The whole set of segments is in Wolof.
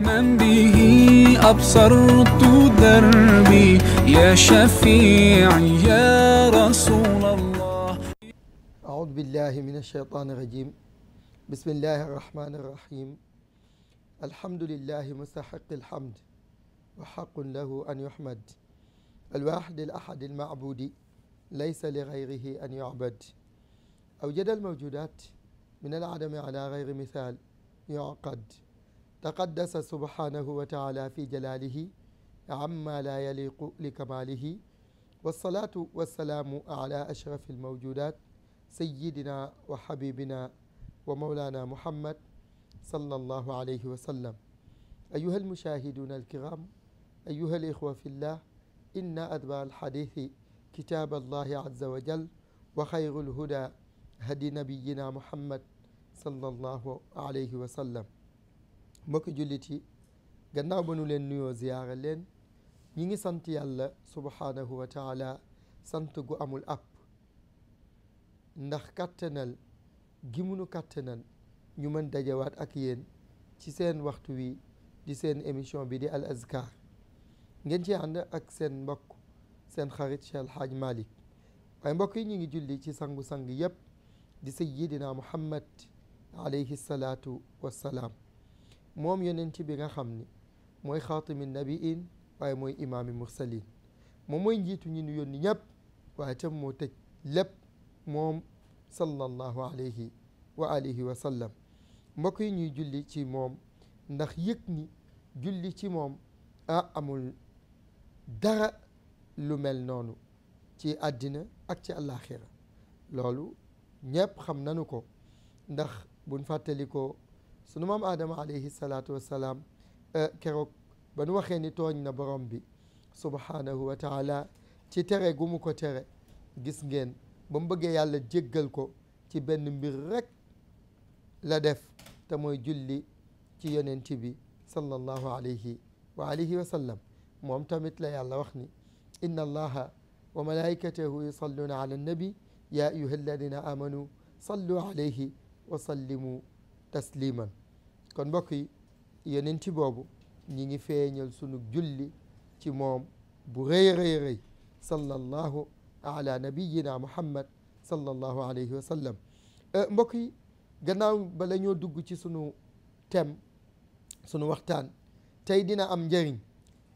من به أبصرت دربي يا شفيعي يا رسول الله أعوذ بالله من الشيطان الرجيم بسم الله الرحمن الرحيم الحمد لله مستحق الحمد وحق له أن يحمد الواحد الأحد المعبود ليس لغيره أن يعبد أوجد الموجودات من العدم على غير مثال يعقد taqaddasa subhanahu wa taala fi jalalihi amma la yaliqu li kamalihi wasalaatu wasalaamu ala ashrafi almawjudat sayidina wa habibina wa maulana muhammad sallallahu alayhi wa sallam ayuha almushahiduna alkiram ayuha alikhwa fillah inna adba alhadithi kitab allahi azza wa jal wa xayru alhuda hadi nabiyina muhammad sallallahu alayhi wa sallam mbokk jullit yi gannaaw ba nu leen nuyoo ziyaara leen ñi ngi sant yàlla subhaanahu wa taala sant gu amul àpp ndax kàttanal gi munu kàttanal ñu mën dajawaat ak yéen ci seen waxtu wi di seen émission bi di al azkar ngeen ci ànd ak seen mbokk seen xarit Cheikh El Hadj waaye mbokk yi ñu ngi julli ci sangu-sang yépp di sayyidina muhammad alayhi salaatu wassalaam moom yonent bi nga xam ni mooy xaatimi nabiin waaye mooy imaami mursalin moom mooy njiitu ñi ñu yónni ñëpp waaye tam moo tëj lépp moom sallallahu alayhi wa alihi wa sallam mbokk yi ñuy julli ci moom ndax yëg ni julli ci moom ah amul dara lu mel noonu ci àddina ak ci àllaaxira loolu ñëpp xam nanu ko ndax buñ ko sunu maam aadama alayhi salaatu wassalaam eh, keroog ba waxee ni tooñ na borom bi subhaanahu wa taala ci tere gu mu ko tere gis ngeen ba mu bëggee yàlla jéggal ko ci benn mbir rek la def te mooy julli ci yonent bi sallallahu alayhi wa alihi wa moom tamit la yàlla wax ni inna allaha wa malaikatahu yusalluuna ala annabi ya ayuha alladina amanu sallu alayhi wa tasliman kon mbokk yi yeneen ci boobu ñi ngi feeñal sunu julli ci moom bu rëy rëy rëy sallallahu ala nabiyina muhammad sallallahu alayhi wa sallam eh, mbokk yi gannaaw bala ñoo dugg ci sunu tem sunu waxtaan tey dina am njëriñ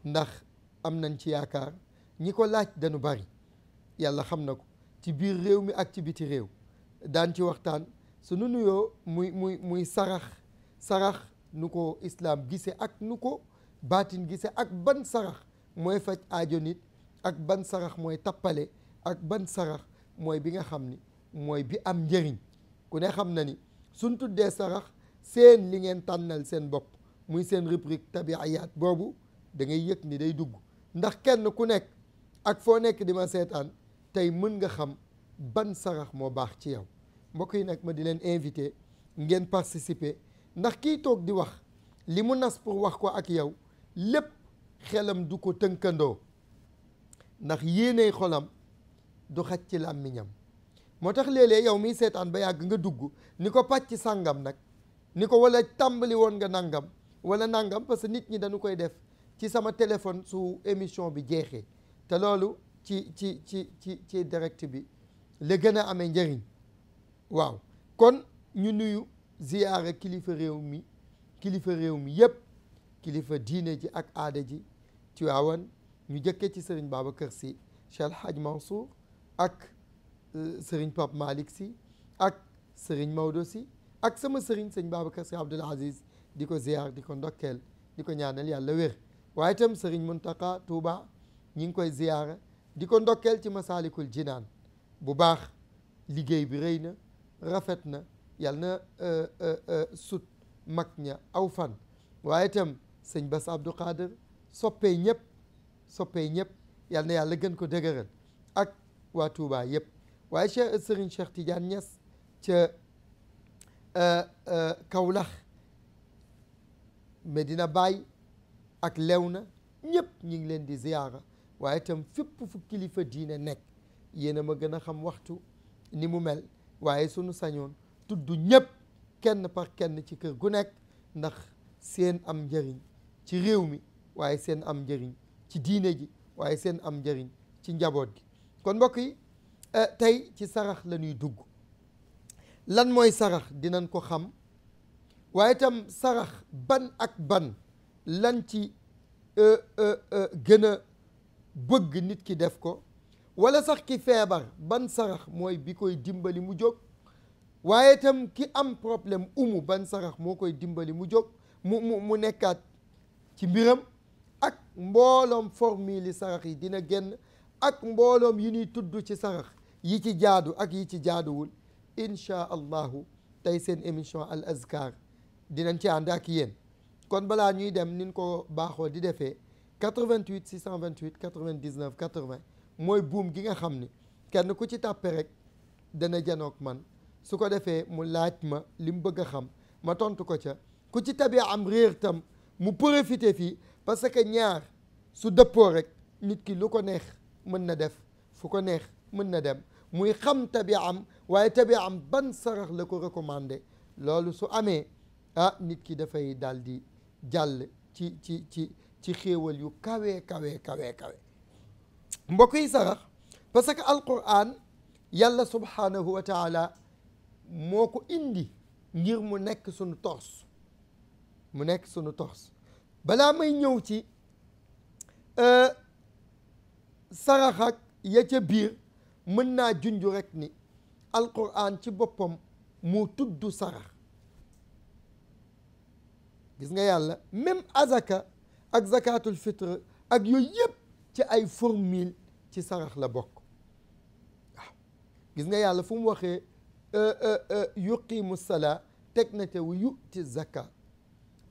ndax am nañ ci yaakaar ñi ko laaj dañu bari yàlla xam na ko ci biir réew mi ak ci biti réew daan ci waxtaan suñu nuyoo muy muy muy sarax sarax nu ko islaam gise ak nu ko baatin gise ak ban sarax mooy faj aajo nit ak ban sarax mooy tappale ak ban sarax mooy bi nga xam ni mooy bi am njëriñ ku ne xam na ni suñ tuddee sarax seen li ngeen tànnal seen bopp muy seen rubrique tabiayaat boobu da ngay yëg ni day dugg ndax kenn ku nekk ak foo nekk di ma seetaan tey mën nga xam ban sarax moo baax ci yow mbokk yi nag ma di leen invité ngeen participer ndax kii toog di wax li mu nas pour wax ko ak yow lépp xelam du ko tënkandoo ndax yéeney xolam du xaj ci làmmiñam moo tax léeg-léeg yow miy seetaan ba yàgg nga dugg ni ko pàcc sàngam nag ni ko wala tàmbali woon nga nangam wala nangam parce que nit ñi dañu koy def ci sama téléphone su émission bi jeexee te loolu ci ci ci ci ci direct bi la gën a amee njëriñ waaw kon ñu nuyu ziyaara kilifa réew mi kilifa réew mi yëpp kilifa diine ji ak aada ji ci ñu jëkkee ci sëriñ Babacar si Cheikh El Hadj Mansour ak euh, sëriñ Pape Malick si ak sëriñ Maodo si ak sama sëriñ sëñ Babacar si Abdoul Aziz di ko ziyaar di ko ndokkeel di ko ñaanal yàlla wér waaye itam sëriñ Muntaka Touba ñu ngi koy ziyaara di ko ndokkeel ci Masaalikul Jinaan bu baax liggéey bi rëy na rafet na yàlla na euh, euh, euh, sut mag ña aw fan waaye itam sëñ Bass Abdou Khader soppee ñëpp soppee ñëpp yàlla na yàlla gën ko dëgëral ak waa Touba yëpp waaye Cheikh Serigne Cheikh Tidiane Niass ca Kaolack Medina Baye ak Léona ñëpp ñu ngi leen di ziyaara waaye itam fépp fu kilifa diine nekk yéen a ma gën a xam waxtu ni mu mel waaye sunu sañoon tudd ñëpp kenn par kenn ci kër gu nekk ndax seen am njëriñ ci réew mi waaye seen am njëriñ ci diine ji waaye seen am njëriñ ci njaboot gi kon mbokk eh, tey ci sarax la dugg lan mooy sarax dinañ ko xam waaye itam sarax ban ak ban lan ci eh, eh, gën a bëgg nit ki def ko wala sax ki feebar ban sarax mooy bi koy dimbali mu jóg waaye itam ki am problème umu ban sarax moo koy dimbali mu jóg mu mu nekkaat ci mbiram ak mbooloom formule sarax yi dina génn ak mbooloom yi ñuy tudd ci sarax yi ci jaadu ak yi ci jaaduwul inchaa allahu tey seen émission al azkar dinañ ci ànd ak yéen kon balaa ñuy dem nin ko baaxoo di defee 88 628 99 80 mooy buum gi nga xam ni kenn ku ci tàppe rek dana janoog man su ko defee mu laaj ma li mu bëgg a xam ma tontu ko ca ku ci tabee am réer tam mu profité fii parce que ñaar su dëppoo rek nit ki lu ko neex mën na def fu ko neex mën na dem muy xam tabi am waaye tabi am ban sarax la ko recommandé loolu su amee ah nit ki dafay daal di jàll ci ci ci ci xéewal yu kawe kawe kawe kawe mbokk yi sarax parce que alquran yàlla subhaanahu wa taala moo ko indi ngir mu nekk sunu tors mu nekk sunu tors balaa may ñëw ci euh, sarax ak ya ca biir mën naa junju ni alquran ci boppam mu tudd sarax gis nga yàlla même azaka ak zakatul fitre ak yooyu yëpp ci ay formule ci sarax la bokk gis nga yàlla fu mu waxee euh, euh, euh, yuqimu salaa teg na te wu yu'ti zaka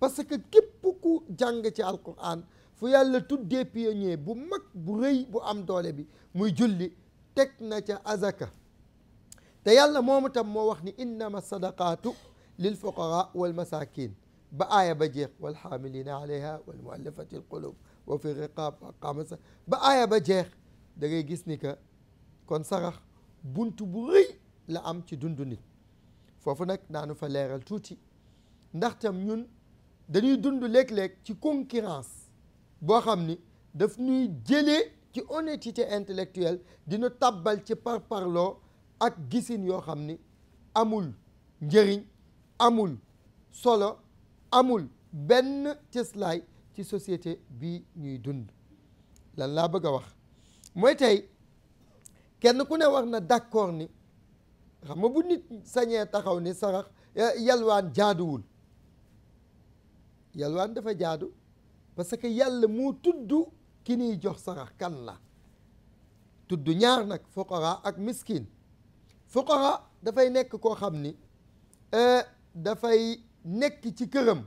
parce que képp ku jàng ci alquran fu yàlla tuddee pionnier bu mag bu rëy bu am doole bi muy julli teg na ca azaka te yàlla moomu tam moo wax ni innama sadaqaatu lil fuqara wal masakin ba aaya ba jeex wa xaamilina alayha wal al qulub wa fi riqaab sa ba aaya ba jeex dangay gis ni que kon sarax bunt bu rëy la am ci dundu nit foofu nag naanu fa leeral tuuti ndax tam ñun dañuy dund léeg-léeg ci concurrence boo xam ni daf ñuy jële ci honnêteté intellectuelle dina tàbbal ci parparloo ak gisin yoo xam ni amul njëriñ amul solo amul benn cëslaay societé bi ñuy dund lan laa bëgg a wax mooy tey kenn ku ne war na d'accord ni xam nga bu nit sañee taxaw ni sarax yalwaan jaaduwul yalwaan dafa jaadu parce que yàlla moo tudd ki niy jox sarax kan la tudd ñaar nag fuqara ak miskin fuqara dafay nekk koo xam ni euh, dafay nekk ci këram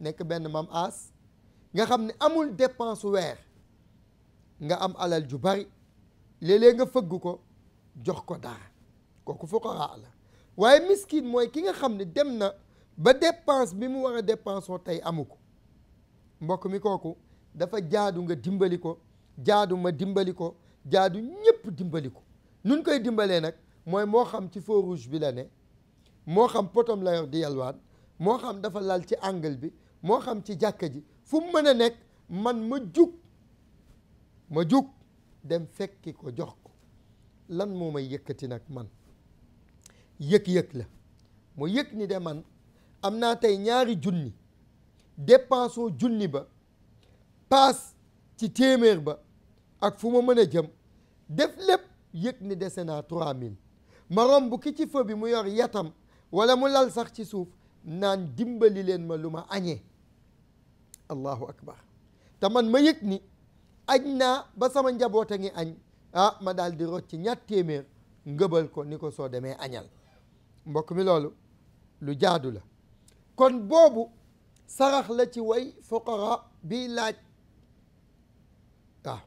nekk benn mam aas nga xam ne amul dépense weer nga am alal ju bari léeg-léeg nga fëgg ko jox ko dara kooku fuqaraa la waaye miskin mooy ki nga xam ne dem na ba dépense bi mu war a dépense tey amu ko mbokk mi kooku dafa jaadu nga dimbali ko jaadu ma dimbali ko jaadu ñëpp dimbali ko nun koy dimbalee nag mooy moo xam ci feu rouge bi la ne moo xam potom la yor di yalwaan moo xam dafa lal ci angle bi moo xam ci jàkka ji fu mu mën a nekk man ma jug ma jug dem fekki ko jox ko lan moo may yëkkati nag man yëg-yëg la mu yëg ni de man am naa tey ñaari junni dépense junni ba paas ci téeméer ba ak fu ma mën a jëm def lépp yëg ni dese naa trois mille ma romb ki ci feu bi mu yor yatam wala mu lal sax ci suuf naan dimbali leen ma lu ma añee allahu akbar te man ma yëg ni aj naa ba sama njaboot a ngi añ ah ma daldi di rocc ñatt ngëbal ko ni ko soo demee añal mbokk mi loolu lu jaadu la kon boobu sarax la ci way fuqara bi laaj waaw ah,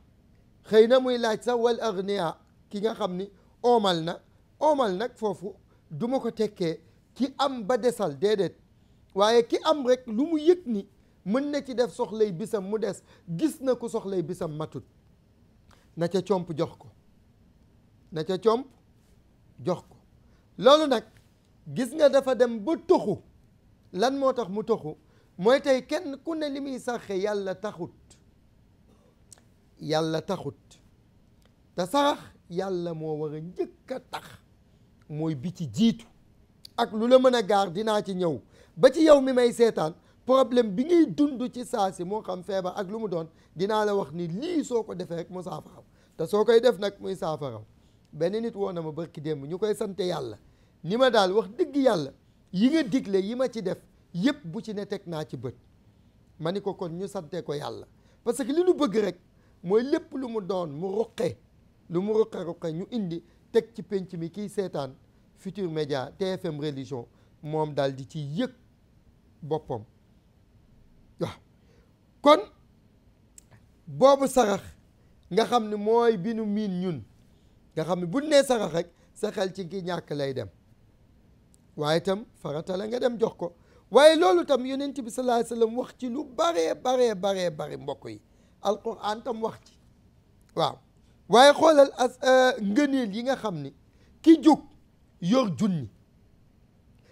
xëy na muy laaj sax wal agniya ki nga xam ni omal na omal nag foofu duma ko tekkee ki am ba desal déedéet waaye ki am rek lu mu yëg ni mën na ci def soxlay bisam mu des gis na ku soxlay bisam matut na ca comp jox ko na ca comp jox ko loolu nag gis nga dafa dem ba toxu lan moo tax mu toxu mooy tey kenn ku ne li muy saraxe yàlla taxut yàlla taxut te sarax yàlla moo war a njëkk a tax mooy bi ci jiitu ak lu la mën a gaar dinaa ci ñëw ba ci yow mi may seetaan poroblème bi ngay dund ci saa si moo xam feebar ak lu mu doon dinaa la wax ni lii soo ko defee rek mu saafaraw te soo koy def nag muy saafaraw benn nit woo na ma bërki démb ñu koy sante yàlla ni ma daal wax dëgg yàlla yi nga digle yi ma ci def yëpp bu ci ne teg naa ci bët ma ni ko kon ñu sante ko yàlla parce que li nu bëgg rek mooy lépp lu mu doon mu ruqe lu mu ruqe ruqe ñu indi teg ci penc mi kiy seetaan Futurs Médias TFM religion moom daal di ci yëg boppam waaw kon boobu sarax nga xam ne mooy bi nu miin ñun nga xam ne bu nee sarax rek sa xel ci ki ñàkk lay dem waaye tam farata nga dem jox ko waaye loolu tam yonent bi sallallahu alayhi wasallam wax ci lu baree baree baree bare mbokk yi alquran tam wax ci waaw waaye xoolal as euh, ngëneel yi nga xam ni ki jóg yor junni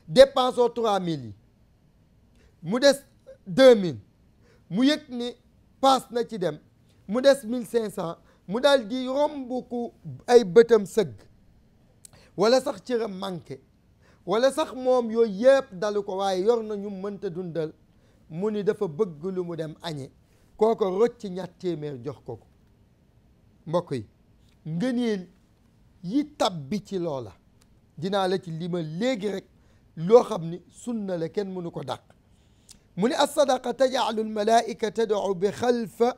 dépensoo trois mille yi mu des deux mille mu yëg ni paas na ci dem mu des mille cinq cent mu daal di romb ku ay bëtam sëgg walla sax cëram manqué walla sax moom yooyu yëpp dalu ko waaye yor nañu ñu mënta dundal mu ni dafa bëgg lu mu dem añe kooko rocc ñatt téeméer jox ko ko mbokk yi ngëneel yi tabbi ci loola dinaa la ci limal léegi rekk loo xam ni sunna la kenn mënu ko dàq mu ne alsadaqa tajaalu almalaika tadcu bi xalfa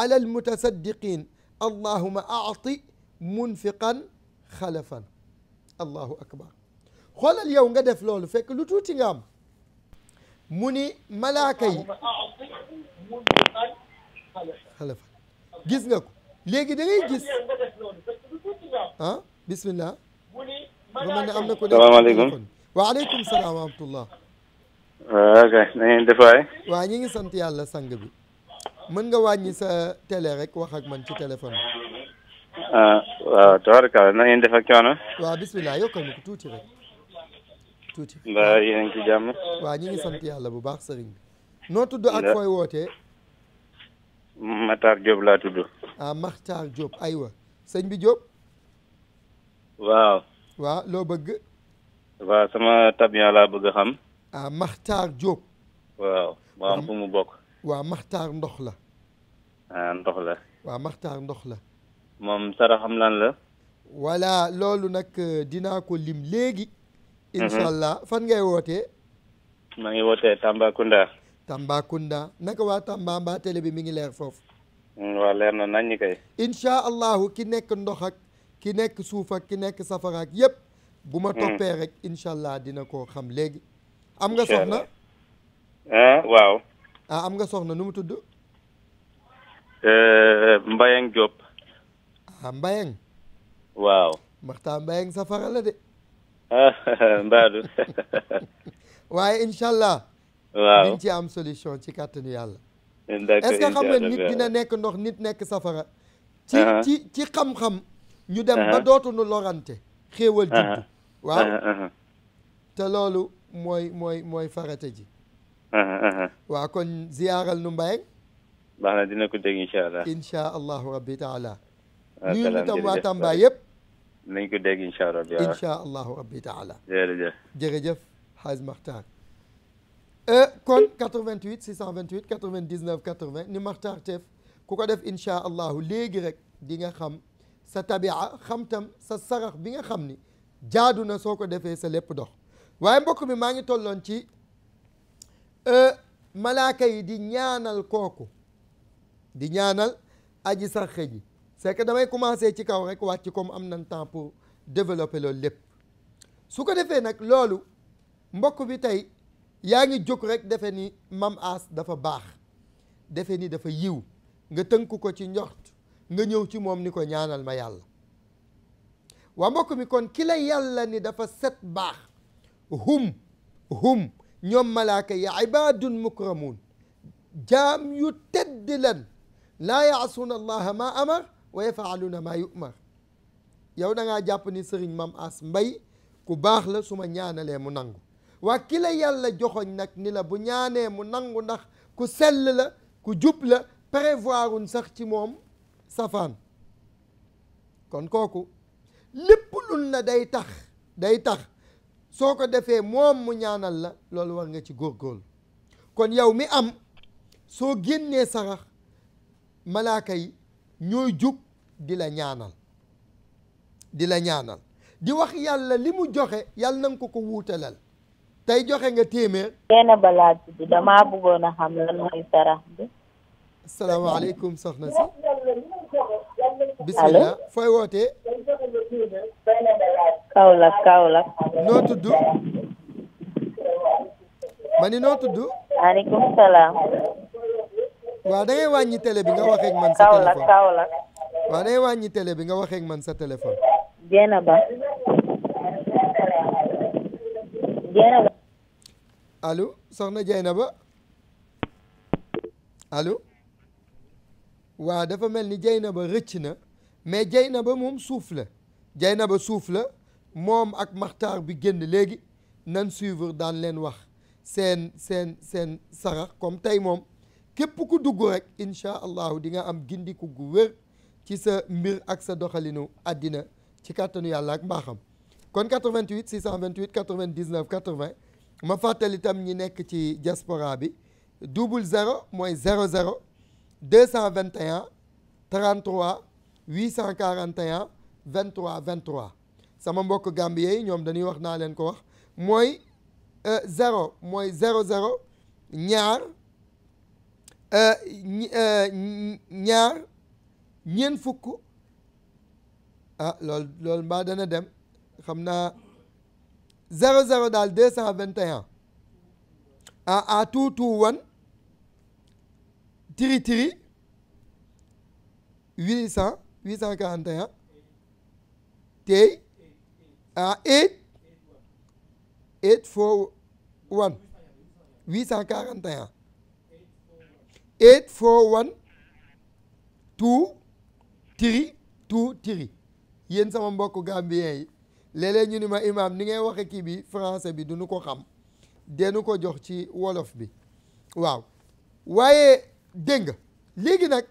ala almutasaddiqin allahuma aati munfiqan xalafan allahu akbar xoolal yow nga def loolu fekk lu tuuti nga am mu ni malaaka yi xalafan gis nga ko léegi da ngay gis ah bismillah ba mën ne am na ko def salaamaaleykum waaleykum salaam wa rahmatullah waaw ah, kay na ngeen def waay. waaw ñu ngi sant yàlla sang bi. mën nga wàññi sa télé rek wax ak man ci téléphone bi. ah waaw tabaraka na ngeen def ak coono. waaw bisimilah yokkal ma ko tuuti rek. tuuti mbaa yéen a ci jàmm. waa ñi ngi sant yàlla bu baax sëriñ bi. noo tudd ak fooy wootee. Matar Diop laa tudd. ah jóob Diop aywa sëñ bi Diop. waaw. waaw loo bëgg. waaw sama tabian laa bëgg a xam. ah Makhtar Diop. waaw waaw ndox la. ah ndox la. waaw Makhtar ndox la. moom loolu nag euh, dina ko lim léegi. Mhm. incha fan ngay woote maa ngi wootee Tambacounda. Tambacounda naka waa Tamba mbaa bi mi ngi leer foofu. Mm, waaw leer na nañ ñi kay. incha ki nekk ndox ak ki nekk suuf ak ki nekk safara ak yëpp. bu ma mm. toppee rek incha allah dina ko xam léegi. am nga soxna ah waaw ah am nga soxna nu mu tudd eh, Mbayang Diop ah Mbayang waaw mbaxtaa Mbayang safara la de ah, mbaadu waaye incha allah ci am solution ci kàttanu yàlla est-ce nit dina nekk ndox nit nekk safara ci uh-huh. ci ci xam-xam ñu dem ba uh-huh. dootuñu lorante xéewal judd uh-huh. waaw te loolu mooy mooy mooy farata ji waaw kon ziyaaral nu na dina ko dégg incha allah incha rabbi taala nuyu ñu tam waa Tamba yëpp nañ ko dégg incha allah rabbi incha allahu rabbi taala jërëjëf jërëjëf Hadj Makhtar e, kon ni Makhtar Teef ku ko def incha allahu léegi rek di nga xam sa tabia xam tam sa sarax bi nga xam ni jaadu na soo ko defee sa lépp dox waaye mbokk mi maa ngi tolloon ci e, malaaka yi di ñaanal kooku di ñaanal aji sarxe ji c'est que damay commencer ci kaw rek ci comme am nañ temps pour développer loolu lépp su ko defee nag loolu mbokk bi tey yaa ngi jóg rek defe ni mam as dafa baax defe ni dafa yiw nga tënku ko ci njort nga ñëw ci moom ni ko ñaanal ma yàlla waa mbokk mi kon ki yàlla ni dafa set baax hum hum ñoom malaaka yi ibadun mukramun jaam yu tedd lan laa yaasuuna allaha maa amar wa yafaaluuna maa yumar yow da ngaa jàpp ni sëriñ mam as mbay ku baax la su ma ñaanalee mu nangu waa ki la yàlla joxoñ nag ni la bu ñaanee mu nangu ndax ku sell la ku jub la prévoir un sax ci moom safaan kon kooku lépp lun la day tax day tax soo ko defee moom mu ñaanal la loolu war nga ci góor góorgóorlu kon yow mi am soo génnee sarax malaaka yi ñooy jug di la ñaanal di la ñaanal di wax yàlla li mu joxe yàlla na ko ko wuutalal tey joxe nga téeméer benn balaa bi damaa bëggoon a xam lan mooy sarax bi asalaamaaleykum soxna si bismillah fooy wootee Kaolack kawla noo tudd. man ni noo tudd. maaleykum salaam. da wàññi télé bi nga waxee ak man. sa téléphone Kaolack Kaolack. waaw da ngay wàññi télé bi nga waxee ak man sa téléphone. Dieynaba. Dieynaba. allo soxna Dieynaba. allo. waaw dafa mel ni ba rëcc na mais ba moom suuf la ba suuf la. moom ak maxtaar bi génn léegi nan suivre daan leen wax seen seen seen sarax comme tey moom képp ku dugg rek incha allahu di nga am gindiku gu wér ci sa mbir ak sa doxalinu àddina ci kàttanu yàlla ak mbaaxam kon 88 628 99 80 ma fàttali itam ñi nekk ci diaspora bi double zéro mooy 00 221 33 841 23 23 sama mbokk gàmb yi ñoom dañuy wax naa leen ko wax mooy euh, zéro mooy zéro zéro ñaar euh, euh, ñaar ñeent fukk ah loolu loolu mbaa dana dem xam naa zéro zéro daal deux cent vingt et un ah ah two two one tiri tiri huit cent huit cent quarante un tey à 8 841 841 841 two three two three yéen sama mbokk gambien yi léeg-léeg ñu ni ma imaam ni ngay waxe kii bi français bi duñu ko xam denu ko jox ci wolof bi waaw waaye dégg léegi nag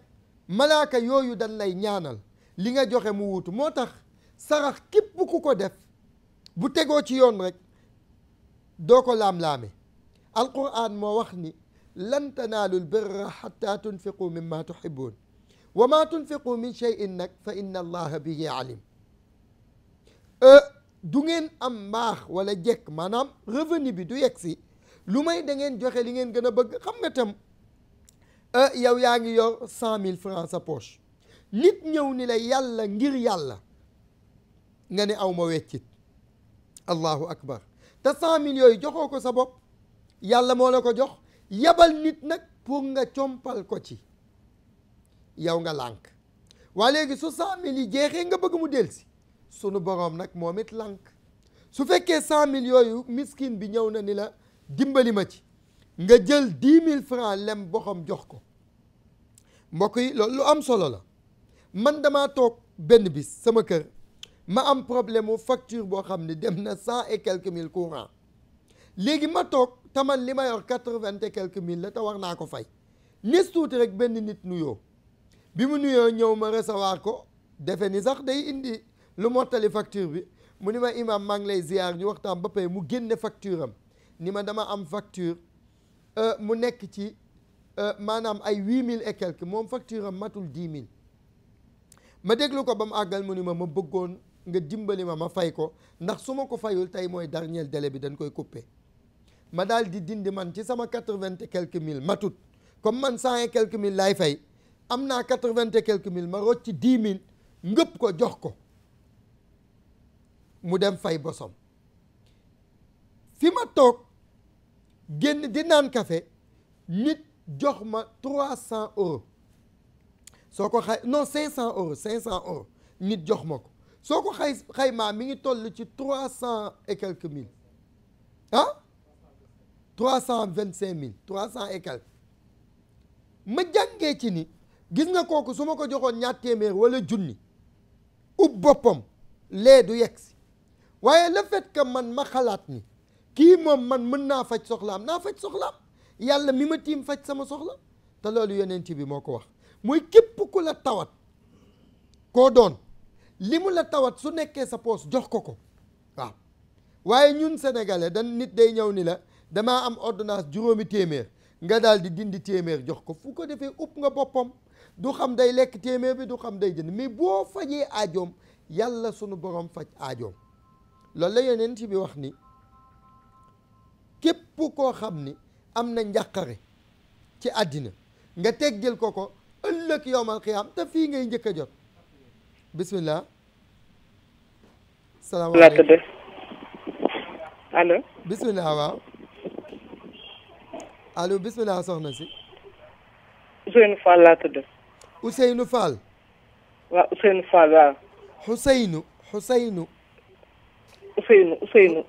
malaaka yooyu dañ lay ñaanal li nga joxe mu wuutu moo tax sarax képp ku ko def bu tegoo ci yoon rek doo ko laam-laame alquran moo wax ni lan tanaalul birra xatta tunfiqu mimma tuxibuun wa ma tunfiqu min cheyin nag fa inna allaha bihi alim e, du ngeen am mbaax wala jekk maanaam revenu bi du yegg si lu may da ngeen joxe li ngeen gën a bëgg xam nga tam e, yow yaa ngi yor cent mille francs sa poche nit ñëw ni la yàlla ngir yàlla nga ne aw ma weccit allahu akbar te cent mille yooyu joxoo ko sa bopp yàlla moo la ko jox yabal nit nag pour nga compal ko ci yow nga lànk waa léegi su cent mille yi jeexee nga bëgg mu delsi sunu boroom nag moom it lànk su fekkee cent mille yooyu miskin bi ñëw na ni la dimbali ma ci nga jël dix mille francs lem boxam jox ko mbokk yi loolu lu am solo la man damaa toog benn bis sama kër ma am problème mu facture boo xam ne dem na cent et quelques mille courant léegi ma toog taman li ma yor quatre-vingt et quelques mille la te war naa ko fay nis tuuti rek benn nit nuyoo bi mu nuyoo ñëw ma recevoir ko defe ni sax day indi lu mottali facture bi mu ni ma imam maa ngi lay ziar ñu waxtaan ba pay mu génne facture am ni ma dama am facture euh, mu nekk ci euh, maanaam ay huit mille et moom facture am matul dix mille ma déglu ko ba mu àggal mu ni ma ma bëggoon nga dimbali ma ma fay ko ndax su ma ko fayul tey mooy dernier délai bi dañ koy couper ma daal di dindi man ci sama quatre-vingt et quelques mille matut comme man cent et quelques mille laay fay am naa quatre-vingt et quelques mille ma rocc dix mille ngëpp ko jox ko mu dem fay bosom fi ma toog génn di naan café nit jox ma trois cent euros soo ko xay non cinq cent euros cinq cent euros nit jox ma ko soo ko xay xaymaa mi ngi toll ci trois cent et quelques mille ah trois cent vingt cinq mille trois cent et quelques ma jàngee ci ni gis nga kooku su ma ko joxoon ñaar téeméer wala junni ub boppam lee du yegg si waaye la fait que man ma xalaat ni kii moom man mën naa faj soxlaam naa faj soxlaam yàlla mi ma tiim faj sama soxla te loolu yonent bi moo ko wax muy képp ku la tawat koo doon li mu la tawat su nekkee sa poos jox ko ko waaw waaye ñun sénégalais dan nit day ñëw ni la damaa am ordonnance juróomi téeméer nga daal di dindi téeméer jox ko fu ko defee upp nga boppam du xam day lekk téeméer bi du xam day jënd mi boo fajee ajoom yàlla sunu boroom faj aajoom loolu la yonent bi wax ni képp koo xam ni am na njàqare ci àddina nga teg jël ko ko ëllëg yowmal xiyaam te fii ngay njëkk a jot bisimilah. salaamaaleykum laa tëdd. allo. bisimilah waaw. allo bisimilah soxna si. Ousseynou Fall laa tëdd. Ousseynou Fall. waaw Ousseynou Fall waaw. Ousseynou Ousseynou. Ousseynou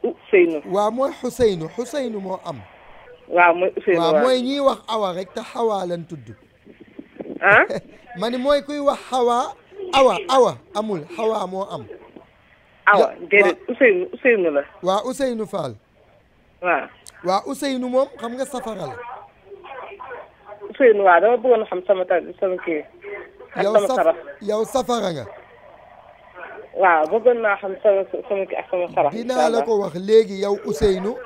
Ousseynou mooy Ousseynou Ousseynou moo am. waaw mooy Ousseynou waaw mooy ñiy wax awa rek xawaa lan tudd. ah. ma mooy kuy wax xawaa. awa awa amul xawaa moo am. awa déedéet Ousseynou la. waaw Ousseynou Fall. waaw. waaw moom xam nga safara la. Ousseynou waaw dama bëggoon xam sama ta sama kii. ak yow safara nga. waaw bëggoon naa xam sama kii ak sama sarax. dinaa la ko wax léegi yow Ousseynou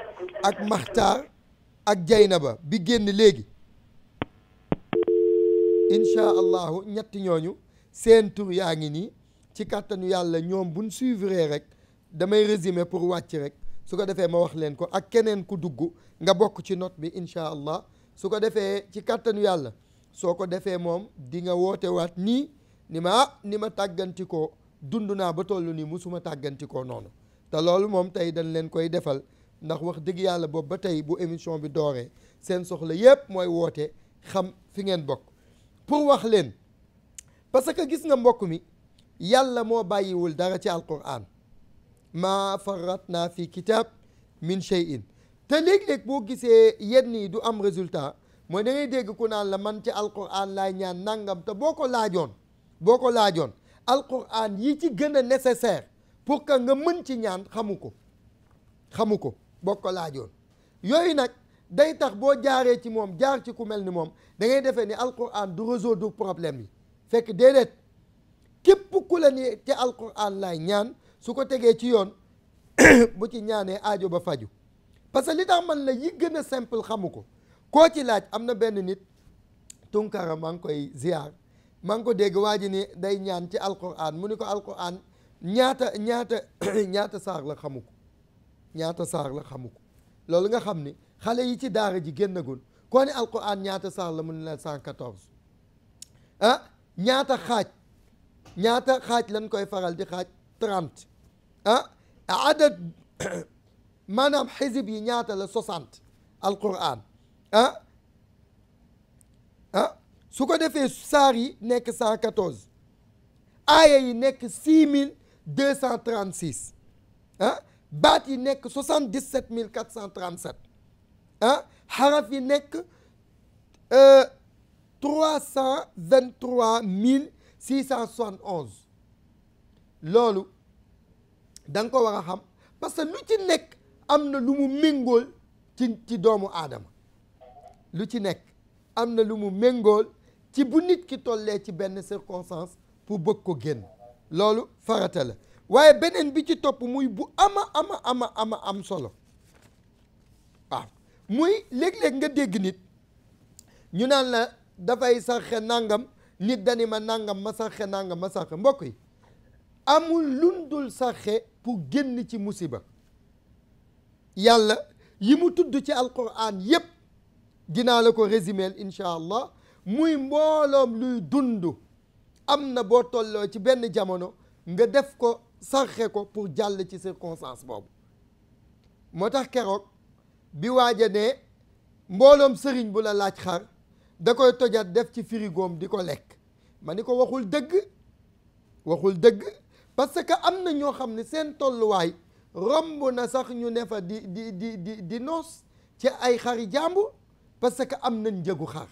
ak Makhtar ak Jaynaba bi génn léegi. incha allahu ñetti ñooñu. seen tur yaa ngi nii ci kàttanu yàlla ñoom buñ suivre rek damay résumer pour wàcc rek su ko defee ma wax leen ko ak keneen ku dugg nga bokk ci note bi incha allah su ko defee ci kàttanu yàlla soo ko defee moom di nga woote waat nii ni ma ah ni ma tàggantikoo dund naa ba toll nii mu musuma tàggantikoo noonu te loolu moom tey dañ leen koy defal ndax wax dëgg yàlla boobu ba tey bu émission bi dooree seen soxla yépp mooy woote xam fi ngeen bokk wax leen parce que gis nga mbokk mi yàlla moo bàyyiwul dara ci alquran maa faratna fi kitab min shay'in te léegi léeg boo gisee yenn yi du am résultat mooy da ngay dégg ku naan la man ci alquran laay ñaan nàngam te boo ko laajoon boo ko laajoon alquran yi ci gën a nécessaire pour que nga mën ci ñaan xamu ko xamu ko boo ko laajoon yooyu nag day tax boo jaaree ci moom jaar ci ku mel ni moom dangay ngay defee ni alquran du résoudre problème yi fekk déedéet képp ku la ni ci alquran laay ñaan su ko tegee ci yoon bu ci ñaanee aajo ba faju parce que li tax man la yi gën a simple xamu ko koo ci laaj am na benn nit tunkara maa ngi koy ziar maa ngi ko dégg waa ji ni day ñaan ci alquran mu ni ko alquran ñaata ñaata ñaata saar la xamu ko ñaata saar la xamu ko loolu nga xam ni xale yi ci daara ji génnagul koo ni alquran ñaata saar la mu ne la cent quatorze ah, ñaata xaaj ñaata xaaj lañ koy faral di xaaj trente ah adad maanaam xizib yi ñaata la soixante alquran ah a ah, su ko defee saar yi nekk cent quatorze aaya yi nekk six mille deux cent trente six ah baat yi nekk soixante dix sept mille quatre cent trente sept ah xaraf yi nekk euh, trois cent vingt trois mille six cent soixante onze loolu danga ko war a xam parce que lu ci nekk am na lu mu méngool ci ci doomu aadama lu ci nekk am na lu mu méngool ci bu nit ki tollee ci benn circonstance pour bëgg ko génn loolu farata la waaye beneen bi ci topp muy bu ama ama ama ama am solo waaw muy léeg-léeg nga dégg nit ñu naan la dafay sarxe nangam nit dani ma nangam ma sarxe nangam ma sarxe mbokk yi amul lundul sarxe pour génn ci musiba yàlla yi mu tudd ci alquran yépp dinaa la ko résumer incha allah muy mbooloom luy dund am na boo tolloo ci benn jamono nga def ko sarxe ko pour jàll ci circonstance boobu moo tax keroog bi waaja ne mbooloom sëriñ bu la laaj xar da koy tojaat def ci firigoom di ko lekk ma ni ko waxul dëgg waxul dëgg parce que am na ñoo xam ne seen tolluwaay romb na sax ñu ne fa di di di di di noos ci ay xari jàmbur parce que am na njëgu xar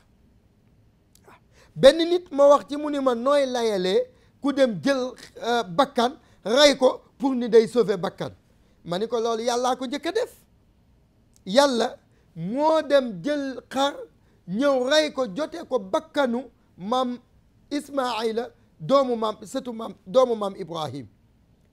benn nit ma wax ci mu ni ma nooy layalee ku dem jël euh, bakkan rey ko pour ni day sauver bakkan ma ni ko loolu yàllaa ko njëkk a def yàlla moo dem jël xar ñëw rey ko jotee ko bakkanu maam Ismaayla doomu maam sëtu maam doomu maam Ibrahim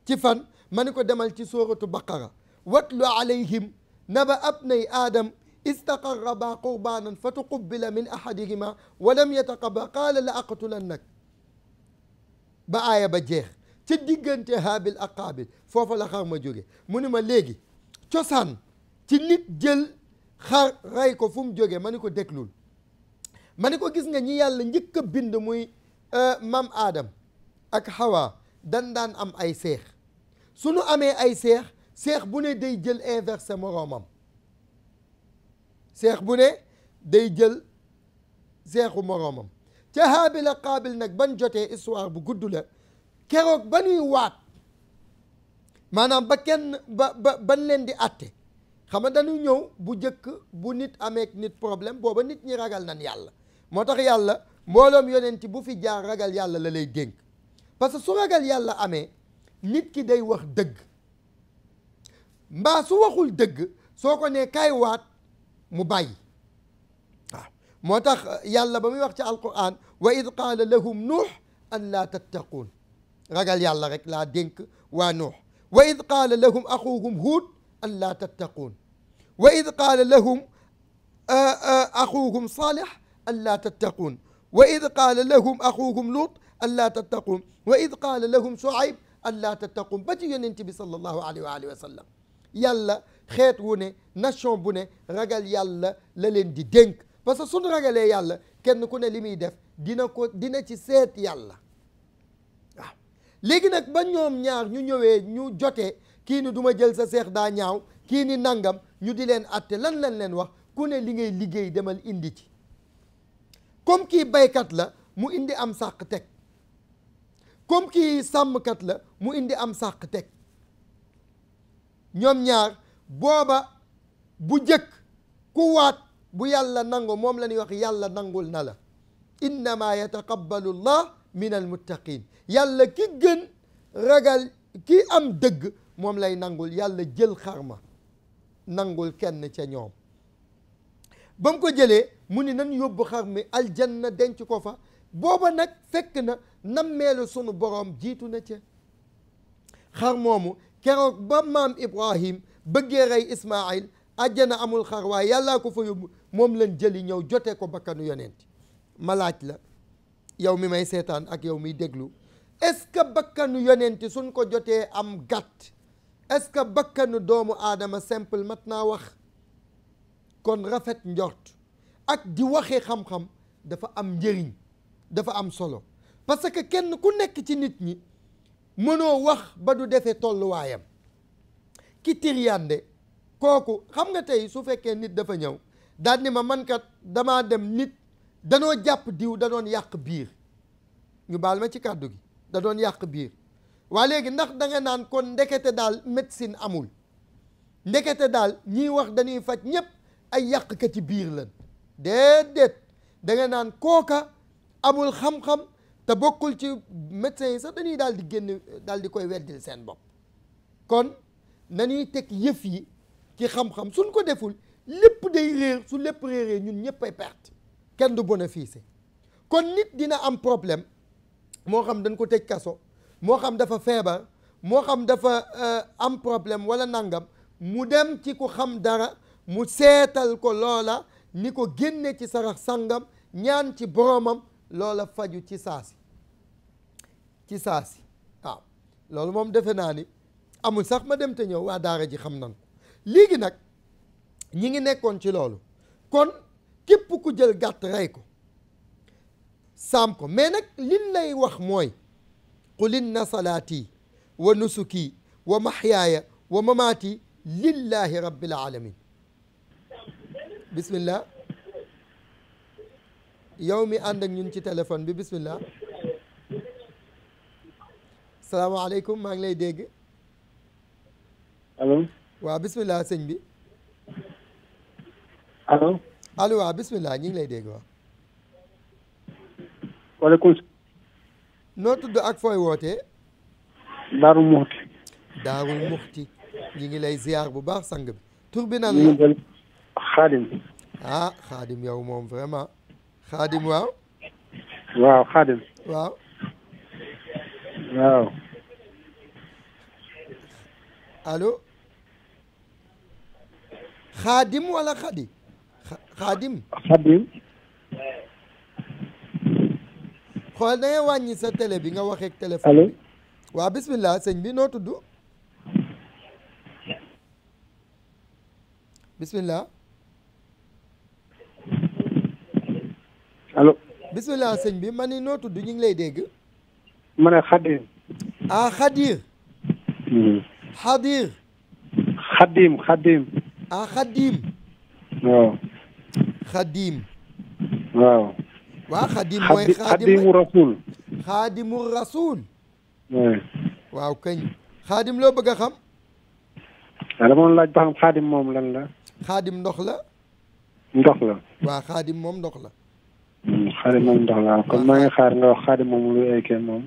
ci fan ma ni ko demal ci sóoratu baqara watlu alayhim naba abnay aadam istaqarraba qurbanan fa tuqubila min ahadihima wa lam yataqaba qaala la aqtulannak ba aaya ba jeex ci diggante haabil ak qaabil foofa la xar ma jóge mu ni ma léegi cosaan ci nit jël xar rey ko fu mu jógee ma ni ko déglul ma ne ko gis nga ñi yàlla njëkk bind muy euh, mam aadam ak Hawa dan daan am ay seex nu amee ay seex seex bu ne day jël inversé moroomam seex bu ne day jël seexu moroomam ca Haabil ak Qaabil nag ban jotee histoire bu gudd la keroog ba ñuy waat maanaam ba kenn ba ba ban leen di atte xam nga dañu ñëw bu jëkk bu nit amee nit problème booba nit ñi ragal nan yàlla moo tax yàlla mbooloom yonent bu fi jaar ragal yàlla la lay dénk parce que su ragal yàlla amee nit ki day wax dëgg mba su waxul dëgg soo ko nee kaay waat mu bàyyi moo tax yàlla ba muy wax ci alquran wa id qaala lahum nuux an laa tattaquun ragal yàlla rek laa dénk waa nuux wa id qaala lahum axuuhum huud an laa tattaquun id qaala lahum euh, euh, axuuhum saalix ألا تتقون وإذ قال لهم أخوهم لوط ألا تتقون وإذ قال لهم شعيب ألا تتقون ba ci yonent bi sallallahu alayhi wa alihi wa sallam yàlla xeet wu ne bu ne ragal yàlla la leen di dénk parce que suñ ragalee yàlla kenn ku ne li muy def dina ko dina ci seet yàlla waaw léegi nag ba ñoom ñaar ñu ñëwee ñu jote kii ni du jël sa seex daa ñaaw kii ni nangam ñu di leen atte lan lan leen wax ku ne li ngay liggéey demal indi ci comme kii baykat la mu indi am sàq teg comme kii sàmmkat la mu indi am sàq teg ñoom ñaar booba bu jëkk ku bu yàlla nangu moom la ñuy wax yàlla nangul na la innama yataqabbalu llah min almuttaqin yàlla ki gën ragal ki am dëgg moom lay nangul yàlla jël xarma nangul kenn ca ñoom ba mu ko jëlee mu ni nan yóbbu xar mi aljanna denc ko fa booba nag fekk na nammeelu sunu boroom jiitu na ca xar moomu keroog ba maam Ibrahim bëggee rey Ismaayil ajjana amul xar waaye yàllaa ko fa yóbbu moom lañ jëli ñëw jote ko bakkanu yonent malaaj la yow mi may seetaan ak yow miy déglu est-ce que bakkanu yonent suñ ko jotee am gàtt est-ce que bakkanu doomu aadama simple mat naa wax kon rafet njort ak di waxee xam-xam dafa am njëriñ dafa am solo parce que kenn ku nekk ci nit ñi mënoo wax ba du defee tolluwaayam ki tiryande kooku xam nga tey su fekkee nit dafa ñëw daal ni ma mankat kat damaa dem nit danoo jàpp diw da doon yàq biir ñu baal ma ci kàddu gi da doon yàq biir waa léegi ndax da nga naan kon ndekete daal médecine amul ndekete daal ñiy wax dañuy faj ñépp ay yàqkati biir lañ déedéet da nga naan kooka amul xam-xam te bokkul ci médecins yi sax dañuy daal di génn daal di koy weddil seen bopp kon nañuy teg yëf yi ci xam-xam suñ ko deful lépp day réer su lépp réeree ñun ñëpp ay perte kenn du bénéficier kon nit dina am problème moo xam dañ ko tëj kaso moo xam dafa feebar moo xam dafa euh, am problème wala nangam mu dem ci ku xam dara mu seetal ko loola ni ko génne ci sarax sàngam ñaan ci boromam loola faju ci saasi ci saasi waaw loolu moom defe naa ni amul sax ma dem te ñëw waa daara ji xam nan ko léegi nag ñi ngi nekkoon ci loolu kon képp ku jël gàtt rey ko saam ko mais nag lin lay wax mooy qul inna salaati wa nusuki wa mahyaaya wa mamaati lillahi rabbil alamin bismillah yow mi ànd ak ñun ci téléphone bi bismillah salaamaaleykum maa ngi lay dégg allo waaw bismillah sëñ bi allo allo waaw bismillah ñu ngi lay dégg waaw noo tudd ak fooy wootee daaru muxti daaru muxti ñu ngi lay ziyaar bu baax sang bi tur bi nan la xaadim ah xaadim yow moom vraiment xaadim waaw waaw xaadim waaw waaw wala xadi xaadim xaadim xool da ngay wàññi sa télé bi nga waxeeg téléphone bismillah sëñ bi noo bismillah allo. bisimilah sëñ bi ma ni noo tudd ñu ngi lay dégg. ma ne Xadir. ah Xadir. Xadir. Hmm. Xadim Xadim. ah Xadim. waaw. Xadim. waaw. waa Xadim mooy Xadimu Rasul. Xadimu Rasul. waaw kañ. Xadim loo bëgg a xam. waaw dama laaj ba xam Xadim moom lan la. Xadim ndox la. ndox la. waaw Xadim moom ndox la. xaadi moom ndox laa kon maa ngi xaar nga wax xaadi moom lu eykee moom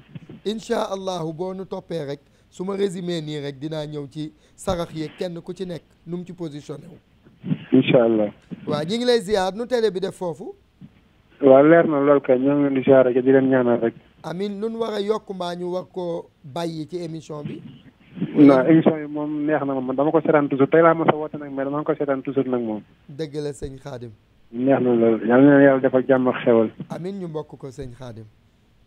incha allahu boo nu toppee rek su ma résumé nii rek dinaa ñëw ci sarax yeeg kenn ku ci nekk nu mu ci positionné wu incha allah waaw ñi ngi lay ziar nu télé bi def foofu waaw leer na lool kay ñoo ngi leen di ziar rek di leen ñaanal rek amin nun war a yokk mbaa ñu war ko bàyyi ci émission bi non émission yi moom neex na ma man dama ko seetaan toujours tey laa ma sa woote nag mais moom dëgg la sëñ Xaadim neex na loolu yal na yàlla defal jàmm xewal. amiin ñu mbokk ko sañ Xaadim.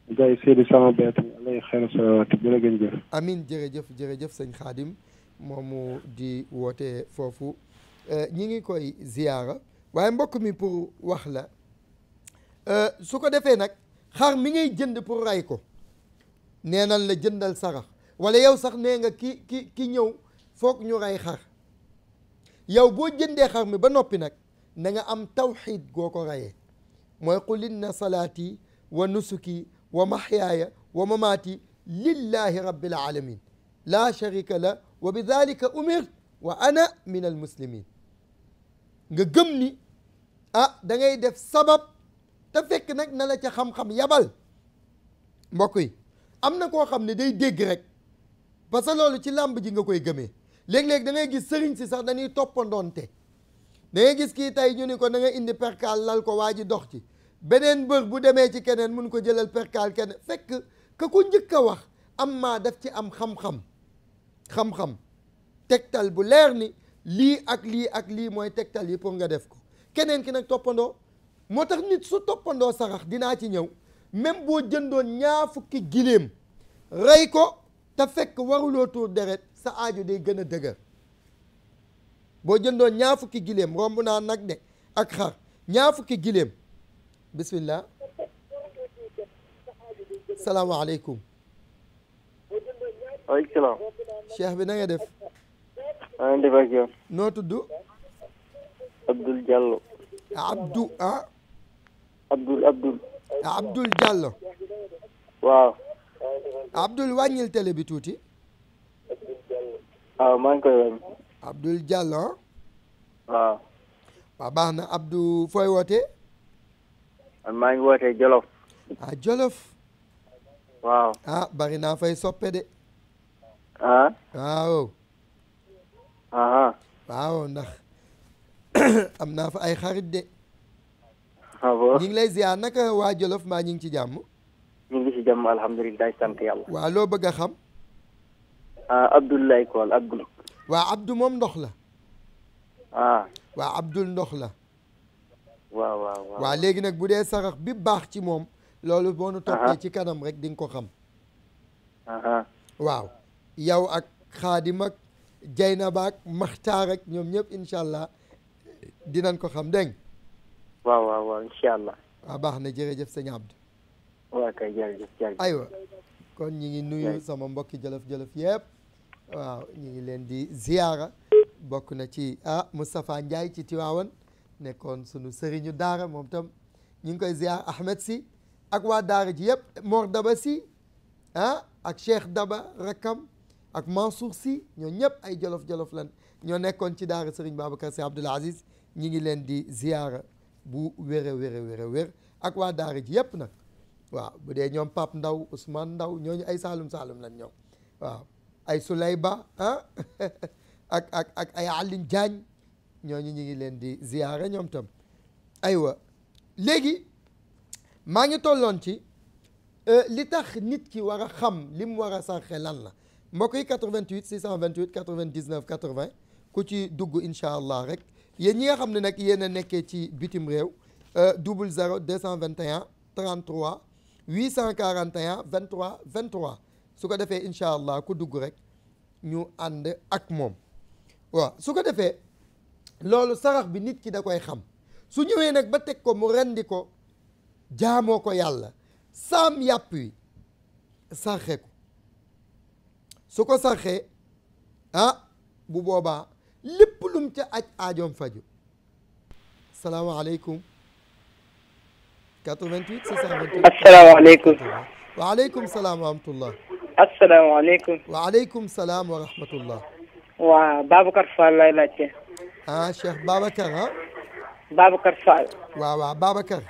Ndiaye Seydou sama béykat yi alay xel salawaati jërëgën jëf. amiin jërëjëf jërëjëf sëñ Xaadim moomu di woote foofu euh, ñi ngi koy ziyaara waaye mbokk mi pour wax la euh, su ko defee nag xar mi ngay jënd pour ray ko nee nan la jëndal sarax wala yow sax nee nga ki ki ki ñëw foog ñu ray xar yow boo jëndee xar mi ba noppi nag. nanga nga am tawxiid goo ko rayee mooy qul inna salaati wa nusuki wa mahyaaya wa mamaati lillahi rabbil alamin laa sharika la wa bi dalika umirtu wa ana min al nga gëm ni ah da def sabab te fekk nag nala la ca xam yabal mbokk yi am na koo xam ne day dégg rek parce que ci làmb ji nga koy gëmee léeg-léeg da ngay gis sëriñ si sax dañuy toppandoonte da gis kii tey ñu ni ko na indi perkaal lal ko waa ji dox ci beneen bër bu demee ci keneen mun ko jëlal perkaal keneen fekk ka ku njëkk a wax am maa def ci am xam-xam xam-xam tegtal bu leer ni lii ak lii ak lii mooy tegtal yi pour nga def ko keneen ki nag toppandoo moo tax nit su toppandoo sarax dinaa ci ñëw même boo jëndoon ñaar fukki giléem rey ko te fekk waruloo tuur deret sa aajo day gën a dëgër boo jëndoon ñaar fukki giléem romb naa nag de ak xar ñaar fukki giléem bismillah salaamaaleykum waaleykum salaam cheikh bi na def maa ngi def noo tudd Abdoul Diallo Abdou ah Abdoul Abdoul Abdoul Diallo waaw Abdoul wàññil télé bi tuuti waaw maa ngi koy wàññi Abdoul Diallo. Ah? waaw. waaw baax na Abdou fooy woote maa ngi wootee Jolof. ah Jolof. waaw. ah bari naa fay soppe de. ah. waaw. waaw ndax am naa fa ay xarit de. waaw. Ah, ñu ngi lay naka waa Jolof maa ñu ngi ci jàmm. ñu ngi ci jàmm alhamdulilah sant yàlla. waaw loo bëgg a xam. ah Abdoulaye Kool Abdoul. waa Abdou moom ndox la. ah. waa Abdul ndox la. waaw waaw léegi nag bu dee sarax bi baax ci moom. loolu boo nu toppee uh-huh. ci kanam rek di nga ko xam. Uh-huh. waaw yow ak xaadim ak Jaynaba ak Maxtaar ak ñoom ñëpp incha allah dinañ ko xam dégg waaw waaw waaw incha baax na jërëjëf sëñ Abdou. waaw kay jërëjëf aywa kon ñi ngi nuyu sama mbokki jëlëf jëlëf yëpp. waaw ñu ngi leen di ziyaara bokk na ci ah Moustapha Ndiaye ci Tiwaawan nekkoon sunu sëriñu daara moom tam ñu ngi koy ziyaar Ahmed si ak waa daara ji yëpp Mor Daba si ah ak Cheikh Daba Rakam ak Mansour si ñoo ñëpp ay jolof-jolof lan ñoo nekkoon ci daara sëriñ Babacar si Abdoul Aziz ñu ngi leen di ziyaara bu wér wér wér wér ak waa daara ji yëpp nag waaw bu dee ñoom Pape Ndaw Ousmane Ndaw ñooñu ay saalum saalum lan ñoom waaw ay Soulayba ba ah, ak ak ak ay Aline Diagne ñooñu ñu ngi leen di ziyaara ñoom tam aywa léegi maa ngi tolloon ci euh, li tax nit ci war a xam li mu war a lan la mbokk yi 88 628 99 80 ku ci dugg incha allah rek yéen ñi nga xam ne nag yéen a nekkee ci bitim réew euh, double zéro 221 33 841 23 23 su ko defee incha allah ku dugg rek ñu ànd ak moom waaw su ko defee loolu sarax bi nit ki da koy xam su ñëwee nag ba teg ko mu rendi ko jaamoo ko yàlla saam yàpp wi sarxe ko su ko sarxee ah bu boobaa lépp lum ca aj aajoom faju salaamaaleykum 88 628 asalaamaaleykum waaleykum salaam wa rahmatullah salaamaaleykum. waaleykum salaam wa rahmatullah. waa Babacar Fall lay laajte. ah Cheikh Babacar ah. Babacar Fall. waaw waaw Babacar.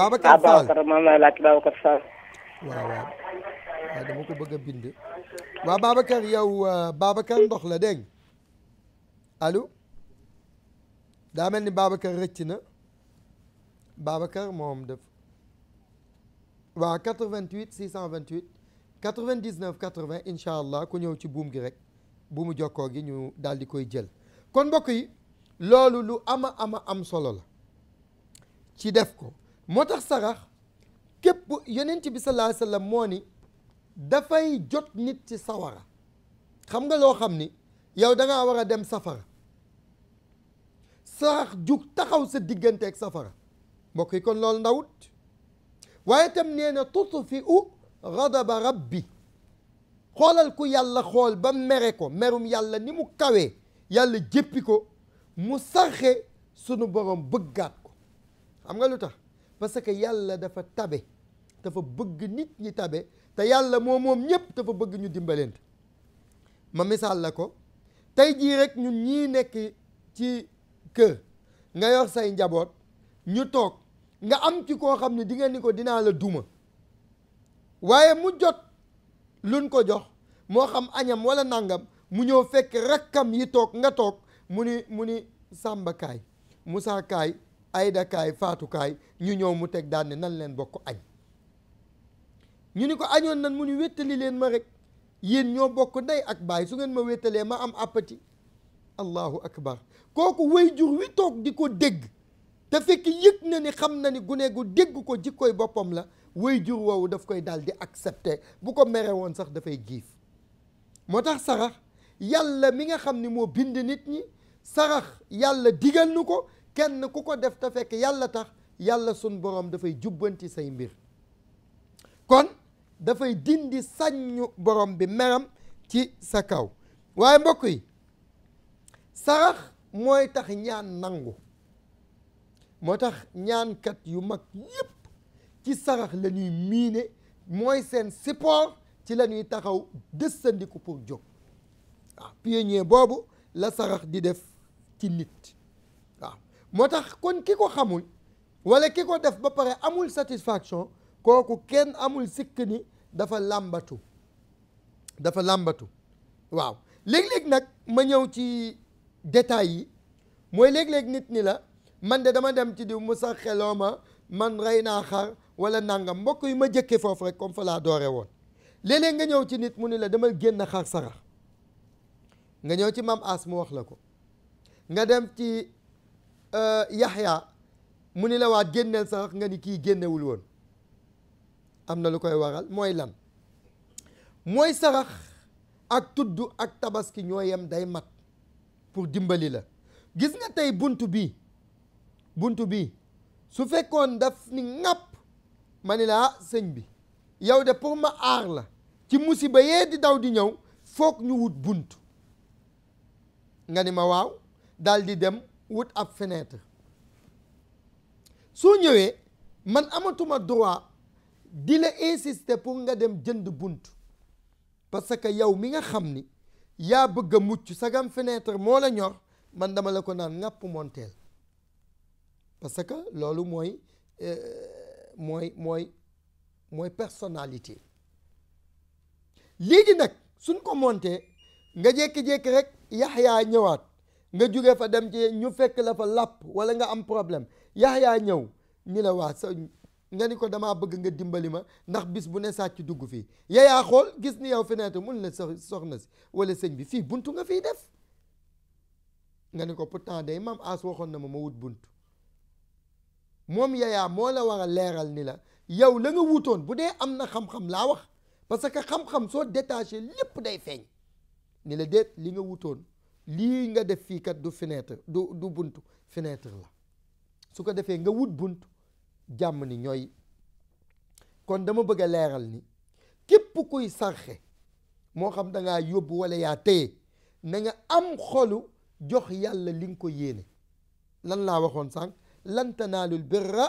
Babacar ah, Fall ah Babacar moom lay laajte Babacar Fall. waaw waaw ah, waaw dama ko bëgg a bind. waa Babacar yow euh, Babacar ndox la dégg allo daa mel ni Babacar rëcc na Babacar moom def waa 88 628. 99 80 incha allah ku ñëw ci buum gi rek mu jokkoo gi ñu daal di koy jël kon mbokk yi loolu lu ama ama am solo la ci def ko moo tax sarax képp yonent bi sallallahu alayhi moo ni dafay jot nit sawara xam nga loo xam ni yow dangaa ngaa war a dem safara sarax jug taxaw sa diggante ak safara mbokk yi kon loolu ndawut waaye itam nee na fi u ghadaba bi xoolal ku yàlla xool ba mere ko merum yàlla ni mu kawee yàlla jéppi ko mu sarxe sunu borom bëggaat ko xam nga lu tax parce que yàlla dafa tabe dafa bëgg nit ñi tabe te yàlla moo moom ñëpp dafa bëgg ñu dimbaleent ma misaal la ko tey jii rek ñun ñii nekk ci kër nga yor say njaboot ñu toog nga am ci koo xam ne di nga ni ko dinaa la duma waaye mu jot luñ ko jox moo xam añam wala nangam mu ñëw fekk rakkam yi toog nga toog mu ni mu ni Samba kaay Moussa kaay Ayda kaay Faatu ñu ñëw mu teg daan ne nan leen bokk añ ñu ni ko añoon nan mu ni wéttali leen ma rekk yéen ñoo bokk ndey ak baay su ngeen ma wéttalee ma am appétit allahu akbar kooku way jur wi toog di ko dégg te fekk yëg na ni xam na ni gune gu dégg ko jikkooy boppam la way jur woowu daf koy daldi di accepter bu ko mere woon sax dafay giif moo tax sarax yàlla mi nga xam ni moo bind nit ñi sarax yàlla digal nu ko kenn ku ko def te fekk yàlla tax yàlla sun borom dafay jubbanti say mbir kon dafay dindi sañu borom bi meram ci sa kaw waaye mbokk yi sarax mooy tax ñaan nangu moo tax ñaankat yu mag yépp ci sarax lañuy miine mooy seen support ci lañuy taxaw dëssandiku pour jóg waaw pionnier boobu la sarax di def ci nit waaw moo tax kon ki ko xamul wala ki ko def ba pare amul satisfaction kooku kenn amul sikk ni dafa làmbatu dafa làmbatu waaw léeg-léeg nag ma ñëw ci détails yi mooy léeg-léeg nit ni la man de dama dem ci di mu sax xeloo ma man rey naa xar wala nangam mbokk yi ma jëkkee foofu rek comme fa laa doore woon léeg nga ñëw ci nit mu ni la demal génn xar sarax nga ñëw ci maam as mu wax la ko nga dem ci euh, yaxya mu ni la waat génneel sarax nga ni kii génnewul woon am na lu koy waral mooy lan mooy sarax ak tudd ak tabaski ñoo yem day mat pour dimbali la gis nga tey bunt bi bunt bi su fekkoon daf ni ŋàpp ma ni laa ah, sëñ bi yow de pour ma aar la ci musiba yee di daw di ñëw foog ñu wut bunt nga ni ma waaw daal di dem wut ab fenêtre soo ñëwee man amatuma droit di la insister pour nga dem jënd bunt parce que yow mi nga xam ni yaa bëgg a mucc sagam fenêtre moo la ñor man dama la ko naan ŋàpp monteel parce que loolu mooy euh, mooy mooy mooy personnalité léegi nag suñ ko monté nga jékki-jékki rek yaa ñëwaat nga jóge fa dem ci ñu fekk la fa làpp wala nga am problème yaa ñëw ñu la waa sa nga ni ko damaa bëgg nga dimbali ma ndax bis bu ne sàcc dugg fii yayaa xool gis ni yow fenêtre mun la soxna si wala sëñ bi fii buntu nga fiy def nga ni ko pour pourtant day maam aas waxoon na ma ma wut bunt moom yayaa moo la war a leeral ni la yow la nga wutoon bu dee am na xam-xam laa wax parce que xam-xam soo détaché lépp day feeñ ni la déet li nga wutoon lii nga def fii kat du fenêtre du du buntu fenêtre la su ko defee nga wut bunt jàmm ni ñooy kon dama bëgg a leeral ni képp kuy sarxe moo xam dangaa yóbbu wala yaa téye na nga am xolu jox yàlla li nga ko yéene lan laa waxoon sànq lan tanaalu lbirra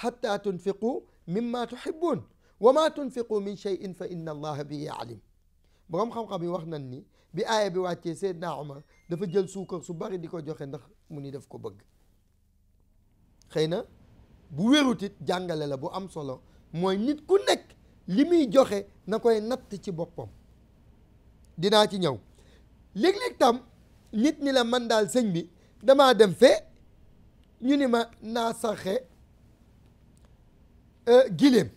xatta tunfiqu mimma tuhibbun wa ma tunfiqu min cheyin fa inna allaha bihi alim boroom xam-xam yi wax nan ni bi aaya bi wàccee Seydina Omar dafa jël suukar su bari di ko joxe ndax mu ni daf ko bëgg xëy na bu wérutit jàngale la bu am solo mooy nit ku nekk li muy joxe na koy natt ci boppam dinaa ci ñëw léeg-léeg tam nit ñi la man daal sëñ bi dama dem fee ñu ni ma naa sarxe euh, giléem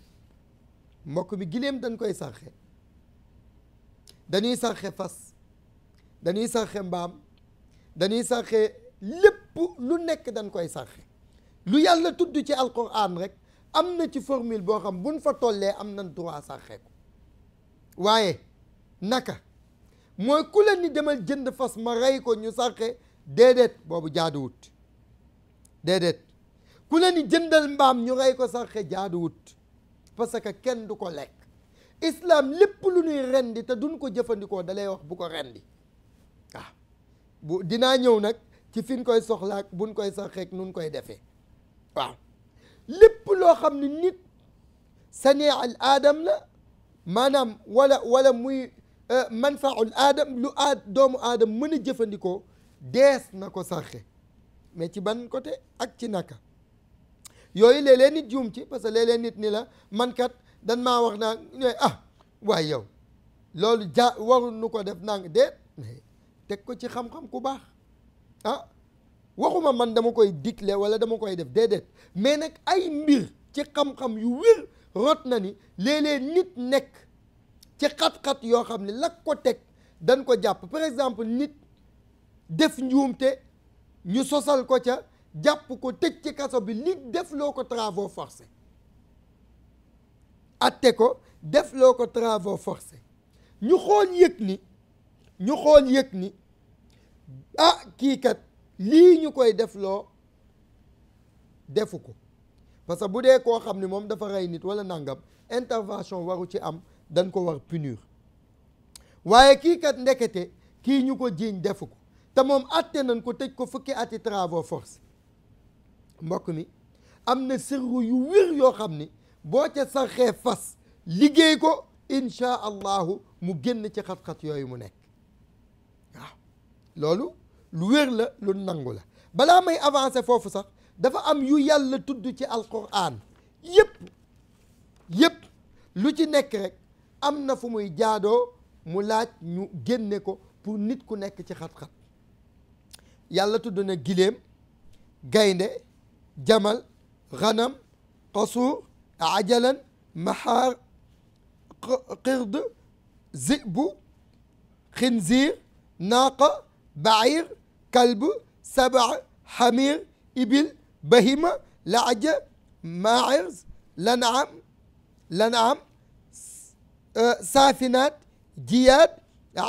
mbokk mi giléem dañ koy sarxe dañuy sarxe fas dañuy sarxe mbaam dañuy sarxe lépp lu nekk dañ koy sarxe lu yàlla tudd ci alquran rek am na ci formule boo xam buñ fa tollee am nañ droit sarxe ko waaye naka mooy ku la ni demal jënd fas ma rey ko ñu sarxe déedéet boobu jaaduwut déedéet ku leen jëndal mbaam ñu rey ko sarxe jaaduwut parce que kenn du ko lekk islam lépp lu ñuy rendi te duñ ko jëfandikoo dalay wax bu ko rendi waaw ah. bu dinaa ñëw nag ci fi ñu koy soxlaak buñ koy sarxeek nun koy defee waaw lépp loo xam ni nit sani al aadam la maanaam walla wala muy euh, manfaul aadam lu aad doomu aadam mën a jëfandikoo dees na ko sarxe mais ci ban côté ak ci naka yooyu léeg lee nit juum ci parce que léeg-léeg nit ni la man kat dan maa wax naa ñooy ah waaye yow loolu ja warul nu ko def nang déet teg ko ci xam-xam ku baax ah waxuma man dama koy digle wala dama koy def déedéet mais nag ay mbir ci xam-xam yu wér rot na ni léeg-léeg nit nekk ci xat-xat yoo xam ne la ko teg dañ ko jàpp par exemple nit def njuumte ñu sosal ko ca jàpp ko tëj ci kaso bi li def loo ko travaux forcés atte ko def loo ko travaux forcés ñu xool yëg ni ñu xool yëg ni ah kii kat lii ñu koy def loo defu ko parce que bu dee koo xam ne moom dafa rey nit walla nàngam intervention waru ci am dañ ko war punir waaye kii kat ndekete kii ñu ko jiiñ defu ko te moom àtte nañ ko tëj ko fukki ati travaux force mbokk mi am na sirru yu wér yoo xam ni boo ca saxee fas liggéey ko incha allahu mu génn ci xat-xat yooyu mu nekk waaw loolu lu wér la lu nangu la balaa may avancer foofu sax dafa am yu yàlla tudd ci alquran yépp yépp lu ci nekk rek am na fu muy jaadoo mu laaj ñu génne ko pour nit ku nekk ci xat-xat yàlla tudd na giléem gaynde jamal xanam qasuur ajalan maxaar qird zibu xinziir naaqa bair kalb sabaa xamir ibil bahima laaja maairs lanaam lanaam euh, saafinaat jiyaad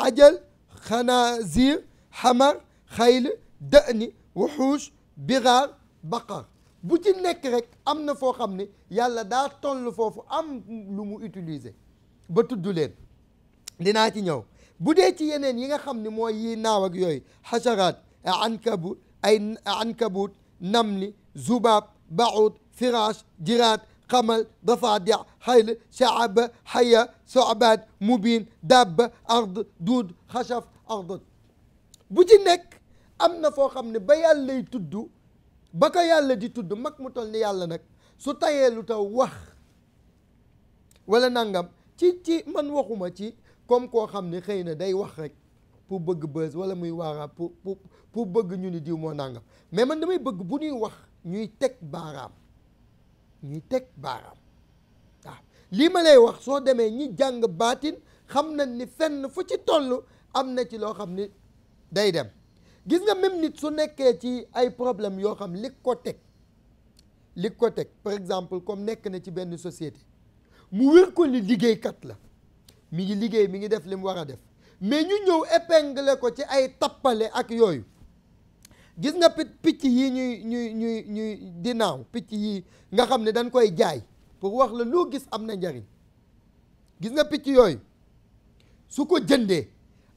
ajal xanaazir xamar xayl da'ni wuxuus biraar baqar bu ci nekk rek am na foo xam ne yàlla daa toll foofu am lu mu utiliser ba tudd leen dinaa ci ñëw bu dee ci yeneen yi nga xam ne mooy yi naaw ak yooyu xasaraat ankabu ay ankabut namli zubaab baud firaash jiraat xamal dafaadi xayl shaaba xaya sobaat mubiin dabba ard duud xashaf ardat bu nekk am na foo xam ne ba yàllay tudd ba ko yàlla di tudd mag mu toll ni yàlla nag su tayee lu taw wax wala nangam ci ci man waxuma ci comme koo xam ne xëy na day wax rek pour bëgg bës wala muy waaraa pour pour bëgg ñu ni diw moo nangam mais man damay bëgg bu ñuy wax ñuy teg baaraam ñuy teg baaraam waaw lii ma lay wax soo demee ñi jàng baatin xam nañ ni fenn fu ci toll am na ci loo xam ni day dem gis nga même nit su nekkee ci ay problème yoo xam li ko teg lig ko teg par exemple comme nekk na ci benn société mu wér ko ni liggéeykat la mi ngi liggéey mi ngi def li mu war a def mais ñu ñëw épinglé ko ci ay tappale ak yooyu gis nga pit picc yi ñuy ñuy ñuy ñuy dinaaw picc yi nga xam ne dañ koy jaay pour wax la loo gis am na njariñ gis nga picc yooyu su ko jëndee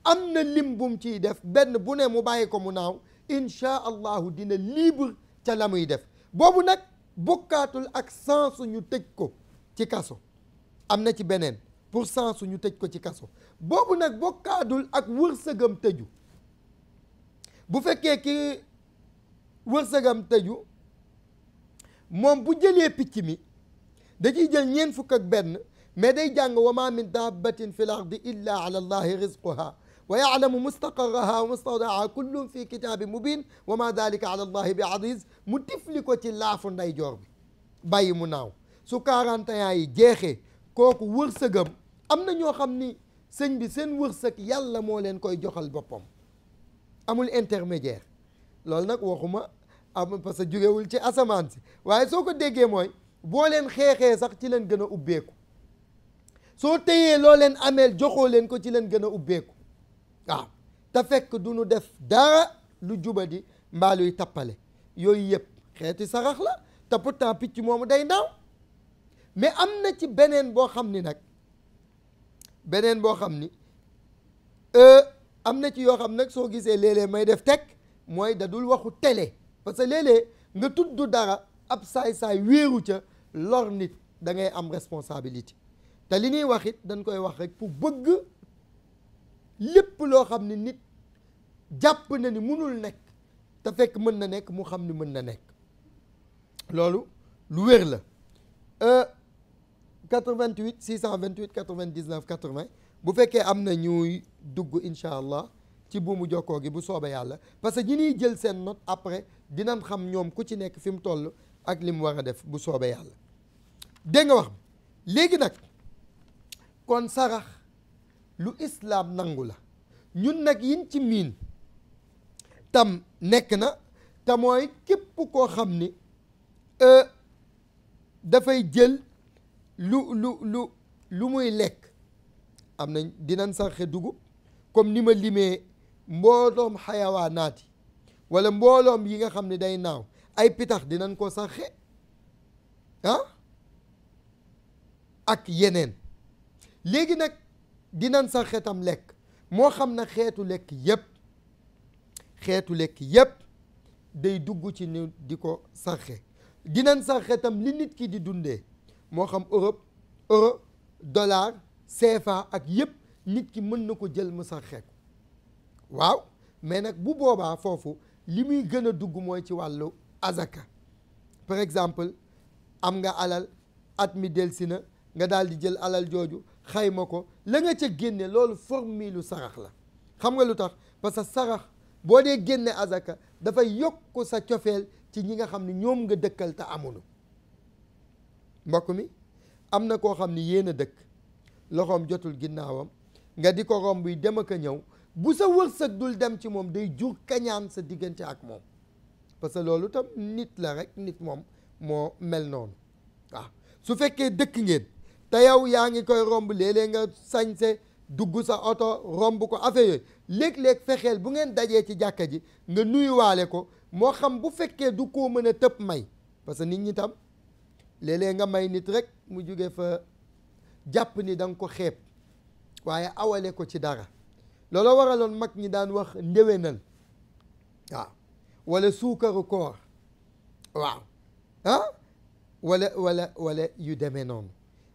am na lim bum ciy def benn bu ne mu bàyyi ko mu naaw inchaa allahu dina libre ca la muy def boobu nag bokkaatul ak sans ñu tëj ko ci kaso am na ci beneen pour sans ñu tëj ko ci kaso boobu nag bokkaatul ak wërsëgam tëju bu fekkee ki wërsëgam tëju moom bu jëlee picc mi da jël ñeen fukk ak benn mais day jàng wa ma min dabbatin fi l ardi illa ala rizquha ويعلم مستقرها ومستودعها كل في كتاب مبين وما ذلك على الله بعزيز mu tifli ko ci laafu ndeyjoor bi bàyyi mu naaw su 41 yi jeexee kooku wërsëgam am na ñoo xam ni sëñ bi seen wërsëg yàlla moo leen koy joxal boppam amul intermédiaire loolu nag waxuma am parce que jugewul ci asamaan si waaye soo ko déggee mooy boo leen xeexee sax ci leen gën a ubbeeku soo teyee loo leen ameel joxoo leen ko ci leen gën a ubbeeku waaw te fekk du nu def dara lu juba mbaa luy tappale yooyu yëpp xeeti sarax la te pourtant picc moomu day naaw mais am na ci beneen boo xam ni nag beneen boo xam ni euh, am na ci yoo xam nag soo gisee léeg may def teg mooy dadul waxu télé parce que léeg nga tudd dara ab saay-saay wéeru ca lor nit da ngay am responsabilité te li ñuy wax it dañ koy wax rek pour bëgg lépp loo xam ne nit jàpp na ni munul nekk te fekk mën na nekk mu xam ni mën na nekk loolu lu wér la 88 628 99 80 bu fekkee am na ñuy dugg incha allah ci buumu jokkoo gi bu soobee yàlla parce que ñi ñuy jël seen note après dinan xam ñoom ku ci nekk fi mu toll ak li mu war a def bu soobee yàlla dégg nga wax léegi nag kon sarax lu islaam nangu la ñun nag yin ci miin tam nekk na tamooy mooy képp koo xam ni e, dafay jël lu lu lu lu muy lekk am nañ dinañ sarxe dugub comme ni ma limee mbooloom xayawaanaat yi wala mbooloom yi nga xam ni day naaw ay pitax dinañ ko sarxe ah, ak yeneen léegi nag dinan sax lekk moo xam na xeetu lekk yépp xeetu lekk yépp day dugg ci ni di ko sanxe dinañ sanxe tam li nit ki di dundee moo xam Europe euro dollar CFA ak yépp nit ki mën na ko jël mu sanxe ko waaw mais nag bu boobaa foofu li muy gën a dugg mooy ci wàllu azaka par exemple am nga alal at mi delsi na nga daal di jël alal jooju xayma ko la nga ca génne loolu formule sarax la xam nga lu tax parce que sarax boo dee génne azaka dafa yokk sa cofeel ci ñi nga xam ni ñoom nga dëkkal te amuñu mbokk mi am na koo xam ni yéena dëkk loxoom jotul ginnaawam nga di ko romb yi dem ak ñëw bu sa wërsëg dul dem ci moom day jur kañaan sa diggante ak moom parce que loolu tam nit la rek nit moom moo mel noonu waaw su fekkee dëkk ngeen te yow yaa ngi koy romb léeg-léeg nga sañse dugg sa oto romb ko affaire yooyu léeg-léeg fexeel bu ngeen dajee ci jàkka ji nga nuyuwaale ko moo xam bu fekkee du ko mën a tëb may parce que nit ñi tam léeg-léeg nga may nit rek mu jóge fa jàpp ni da nga ko xeeb waaye awale ko ci dara loolu waraloon mag ñi daan wax ndéwénal waaw wala suukaru koor waaw ah wala walla wala yu demee noonu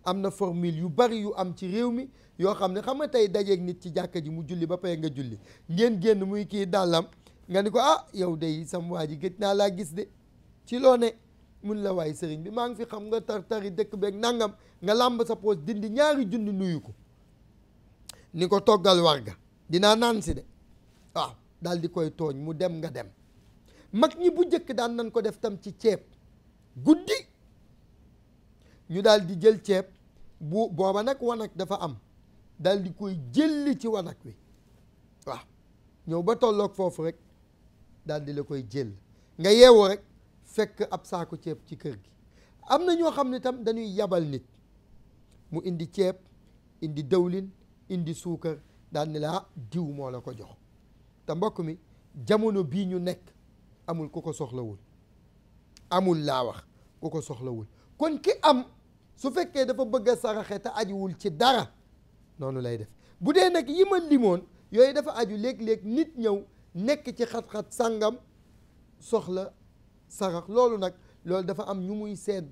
am na formule yu bari yu am ci réew mi yoo xam ne xam nga tey dajeeg nit ci jàkka ji mu julli ba pare nga julli ngeen génn muy kii dàllam nga ni ko ah yow de sam waa ji gëj naa laa gis de ci loo ne mun la waay sëriñ bi maa ngi fi xam nga tar tari dëkk beeg nangam nga làmb sa poos dindi ñaari junn nuyu ko ni ko toggal war ga dinaa naan si de waaw daal di koy tooñ mu dem nga dem mag ñi bu njëkk daan nañ ko def tam ci ceeb guddi ñu dal di jël ceeb bu booba nag wanag dafa am dal di koy jëlli ci wanag wi waaw ñëw ba tolloog foofu rekk daal di la koy jël nga yeewu rek fekk ab saako ceeb ci kër gi am na ñoo xam ne tam dañuy yabal nit mu indi ceeb indi dawlin indi suukar daal ni laa ah, diw moo la ko jox te mbokk mi jamono bii ñu nekk amul ku ko soxlawul amul laa wax ku ko soxlawul kon ki am su fekkee dafa bëgg a saraxe te ajuwul ci dara noonu lay def bu dee nag yi ma limoon yooyu dafa aju léeg-léeg nit ñëw nekk ci xat-xat sàngam soxla sarax loolu nag loolu dafa am ñu muy seen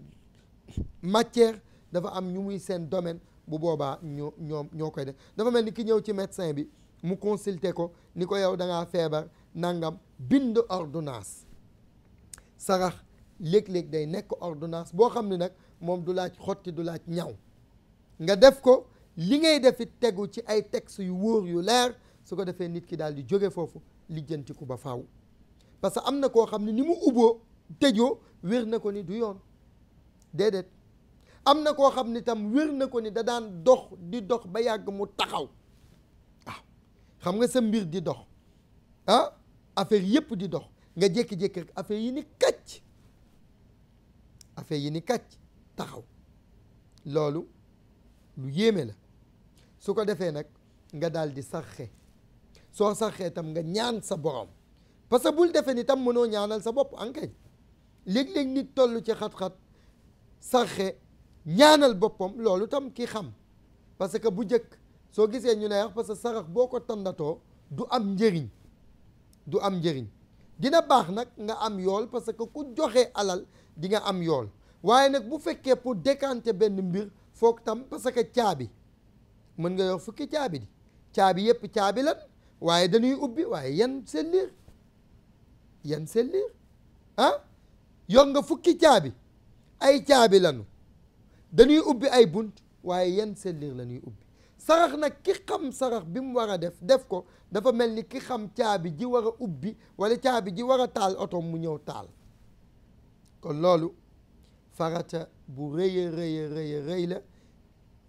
matière dafa am ñu muy seen domaine bu boobaa ñoo ñoom ñoo koy def dafa mel ni ki ñëw ci médecin bi mu consulter ko ni ko yow dangaa feebar nangam bind ordonnance sarax léeg-léeg day nekk ordonnance boo xam ne nag moom du laaj xotti du laaj ñaw nga def ko li ngay def tegu ci ay texte yu wóor yu leer su ko defee nit ki daal di jóge foofu lijjantiku ba faw parce que am na koo xam ne ni mu ubboo tëjoo wér na ko ni du yoon déedéet am na koo xam ni tam wér na ko ni da daan dox di dox ba yàgg mu taxaw ah, xam nga sa mbir di dox ah yëpp di dox nga jékki-jékki rek affaire yi ni kacc affaire yi ni kàcc taxaw loolu lu yéeme la su ko defee nag nga daal di sarxe soo sarxee tam nga ñaan sa borom parce que bul defee ni tam mënoo ñaanal sa bopp ankañ léeg-léeg nit toll ci xat-xat sarxe ñaanal boppam loolu tam ki xam parce que bu njëkk soo gisee ñu ne wax parce que sarax boo ko tandatoo du am njëriñ du am njëriñ dina baax nag nga am yool parce que ku joxe alal di nga am yool waaye nag bu fekkee pour dekante benn mbir foog tam parce que caabi mën nga yor fukki caabi di caabi yëpp caabi lan waaye dañuy ubbi waaye yan seen liir yan seen ah yoon nga fukki caabi ay caabi lanu dañuy ubbi ay bunt waaye yan seen liir la ñuy ubbi sarax nag ki xam sarax bi mu war a def def ko dafa mel ni ki xam caabi ji war a ubbi wala caabi ji war a taal oto mu ñëw taal kon loolu farata bu rëy a rëy a rëy a rëy la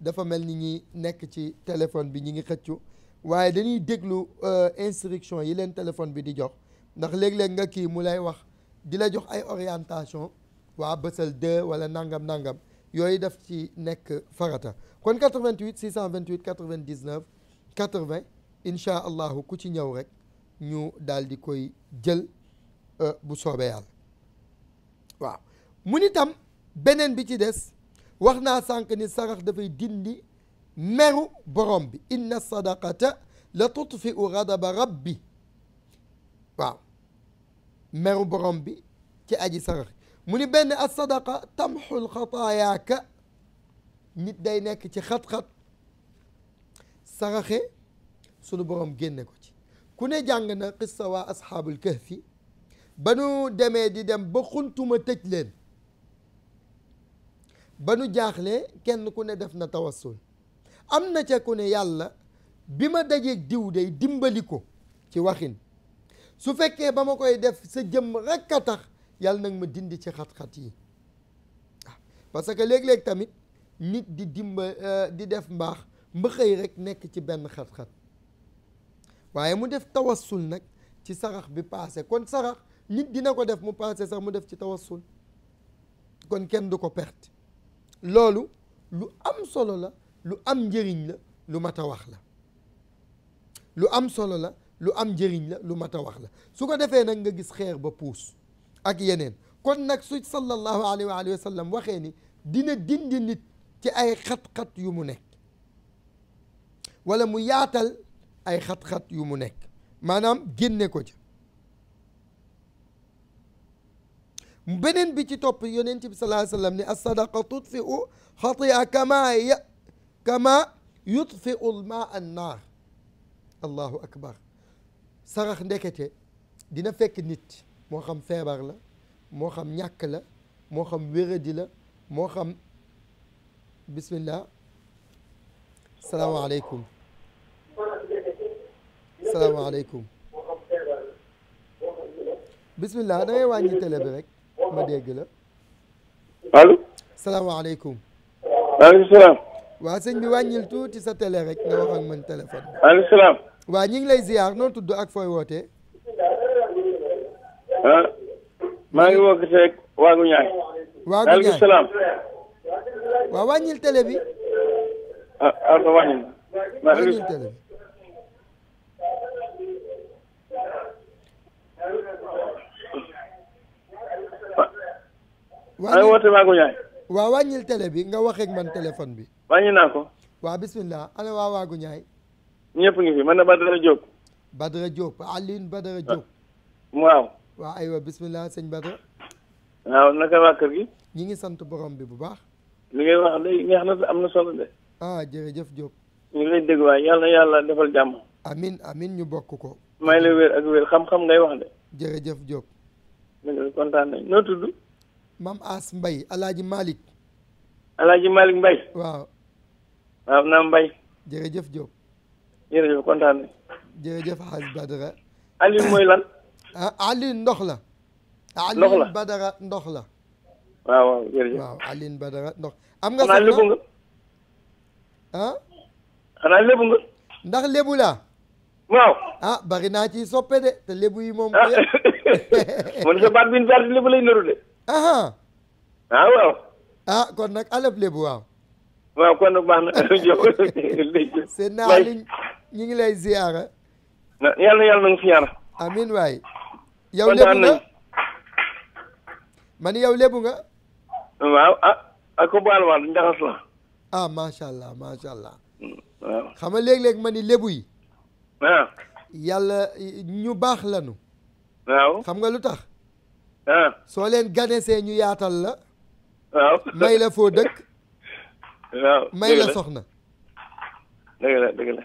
dafa mel ni ñi nekk ci téléphone bi ñi ngi xëccu waaye dañuy déglu euh, instruction yi leen téléphone bi di jox ndax léegi léeg nga kii mu lay wax di la jox ay orientation waa bësal 2 wala nangam nangam yooyu def ci nekk farata kon vingt 88 628 99 vingt incha allahu ku ci ñëw rek ñu daal di koy jël euh, bu soobee yàlla waaw mu ni tam beneen bi ci des wax naa sànq ni sarax dafay dindi meru borom bi inna sadaqata la tutfi u ghadaba rabbi waaw meru borom bi ci aji sarax mu ni benn as sadaqa tamxul xataayaaka nit day nekk ci xat-xat saraxe sunu borom génne ko ci ku ne jàng na qissa waa asxaabul kahfi ba nu demee di dem ba xuntuma tëj leen ba nu jaaxlee kenn ku ne def na tawassul am na ca ku ne yàlla bi ma dajeeg diw day dimbali ko ci waxin su fekkee ba ma koy def sa jëmm rekk a tax yàlla nag ma dindi ci xat-xat yi ah, parce que léeg tamit nit di dimba euh, di def mbaax mba rek nekk ci benn xat waaye mu def tawassul nag ci sarax bi paase kon sarax nit dina ko def mu paase sax mu def ci tawassul kon kenn du ko perte loolu lu am solo la lu am njëriñ la lu mat a wax la lu am solo la lu am njëriñ la lu mat a wax la su ko defee nag nga gis xeer ba puus ak yeneen kon nag su sallallahu alayhi wa sallam waxee ni dina dindi nit ci ay xat-xat yu mu nekk wala mu yaatal ay xat-xat yu mu nekk maanaam génne ko ca beneen bi ci topp yonent bi sallallahu alayhi wa sallam ne as-sadaqa tudfi'u xati'a kama ya kama yudfi'u al-ma'a an-naar allahu akbar sarax ndekete dina fekk nit moo xam feebar la moo xam ñàkk la moo xam wéradi la moo xam bismillah salaamaaleykum salaamaaleykum bismillah da ngay wàññi télé bi rek ma dégg la. allo. salaamaaleykum. maaleykum salaam. waa sëñ bi wàññil tuuti sa télé rek nga wax ak man téléphone. maaleykum salaam. waa ñu ngi lay ziar noo tudd ak fooy wootee. ah maa ngi woo gisee waagu ñaay. waagu ñaay maaleykum waa wàññil télé bi. ah ah ma wàññil. bi. waa ay woote Magu Ñaay. waaw wàññil télé bi nga waxeeg man téléphone bi. wàññi naa ko. waa bisimilah ana waa Waagu Ñaay. ñëpp ngi fi man na Badara Diop. Badara Diop Alioune Badara ah. Diop. waaw. waaw aywa bisimilah sëñ Badara. waaw naka waa kër gi. ñi ngi sant borom bi bu baax. li ngay wax day neex na am na solo de. ah jërëjëf Diop. ñu lay dégg waay yàlla yàlla defal jàmm. amin amin ñu bokk ko. may la wér ak wér xam-xam ngay wax de. jërëjëf Diop. dëgg kontaan nañ noo tudd. maam As Mbaye alaaji Malick alaaji Malick Mbaye waaw waaw mbay Mbaye jërëjëf Diop jërëjëf kontaan na jërëjëf Hadj Badara Alioune mooy lan ah, Alioune ndox la Alioune Badara ndox la waaw waaw jërëjëf waaw Alioune ndox am nga xanaa lébu nga ah xanaa nga ndax lébu laa waaw ah bari naa ci soppe de te lébu yi moom ah. man sa baat bi ñu baat lébu lay nëru de ah waaw. Ah, kon nag alëb lébu waaw. waaw kon naa li ñu ngi lay ziyaara. yàlla yàlla na nga fi ñaara. amiin yow lébu nga man yow lébu nga. Ah, la. ah macha allah macha allah. waaw xam nga léeg-léeg ma ni yi. waaw. Ah. yàlla ñu baax lanu waaw nga lu tax. Ah. soo leen ganesee ñu yaatal la. waaw may la foo dëkk. waaw may la soxna. dëgg la dëgg la.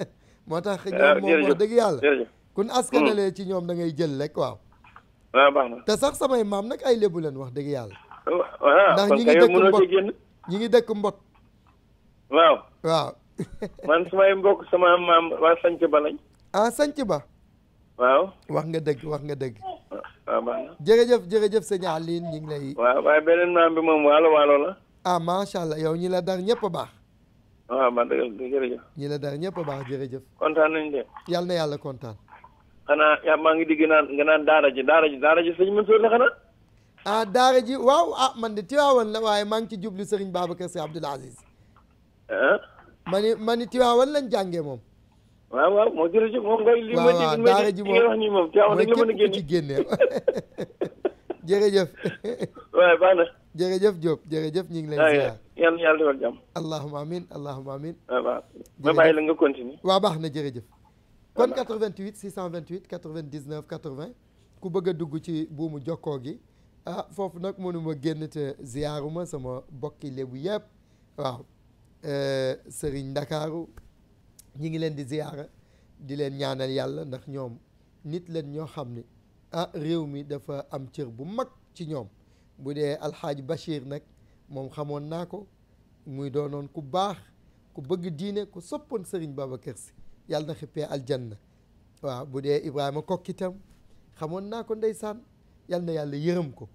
moo tax ah, ñoom moom wax dëgg yàlla. kun askanalee ci ñoom da ngay jël lekk waaw. Ah, te sax samay maam nag ay lébu leen wax dëgg yàlla. ndax ñi ngi dëkk mbot ñi ngi dëkk mbot. waaw. waaw. man samay mbokk sama maam waa Ba lañ. ah Sanc Ba. waaw wax nga dëgg wax nga dëgg. waaw jërëjëf jërëjëf sëñ Aline ñu ngi waaw waaye beneen maam bi moom waalo waalo la. ah macha allah yow ñii la dar ñëpp a baax. waaw ñi la dar ñëpp baax jërëjëf. kontaan na yàlla kontaan. xanaa maa ngi digg naan nga naan daara ji daara ji daara ji sëñ Mansour la xanaa. ah daara ji waaw ah man de Tiwaawan la waaye maa ngi ci jublu Serigne Babacar Sy Abdoul Aziz. ah. ma ni ma ni Tiwaawan lañ jàngee moom. waaw waaw moo jërëjëf moom ngay li ma dégg daara ji moom wax nii moom Tiwaawan rek la mën a génne ci génne jërëjëf waaw baax na jërëjëf Diop jërëjëf ñu ngi lay ziar yàlla yàlla defal jàmm allahuma amin allahuma amin waaw la nga continue waaw baax na jërëjëf kon 88 628 99 80 ku bëgg a dugg ci buumu jokkoo gi ah foofu nag moo ma génn te ziaruma sama bokki lébu yëpp waaw euh, sëriñ Ndakaaru ñu ngi leen di ziyaara di leen ñaanal yàlla ndax ñoom nit leen ñoo xam ne ah réew mi dafa am cër bu mag ci ñoom bu dee alxaaji Bachir nag moom xamoon naa ko muy doonoon ku baax ku bëgg diine ku soppoon Serigne Babacar Sy yàlla na xippee aljanna waaw bu dee Ibrahima kokkitam xamoon naa ko ndeysaan yàlla na yàlla yërëm ko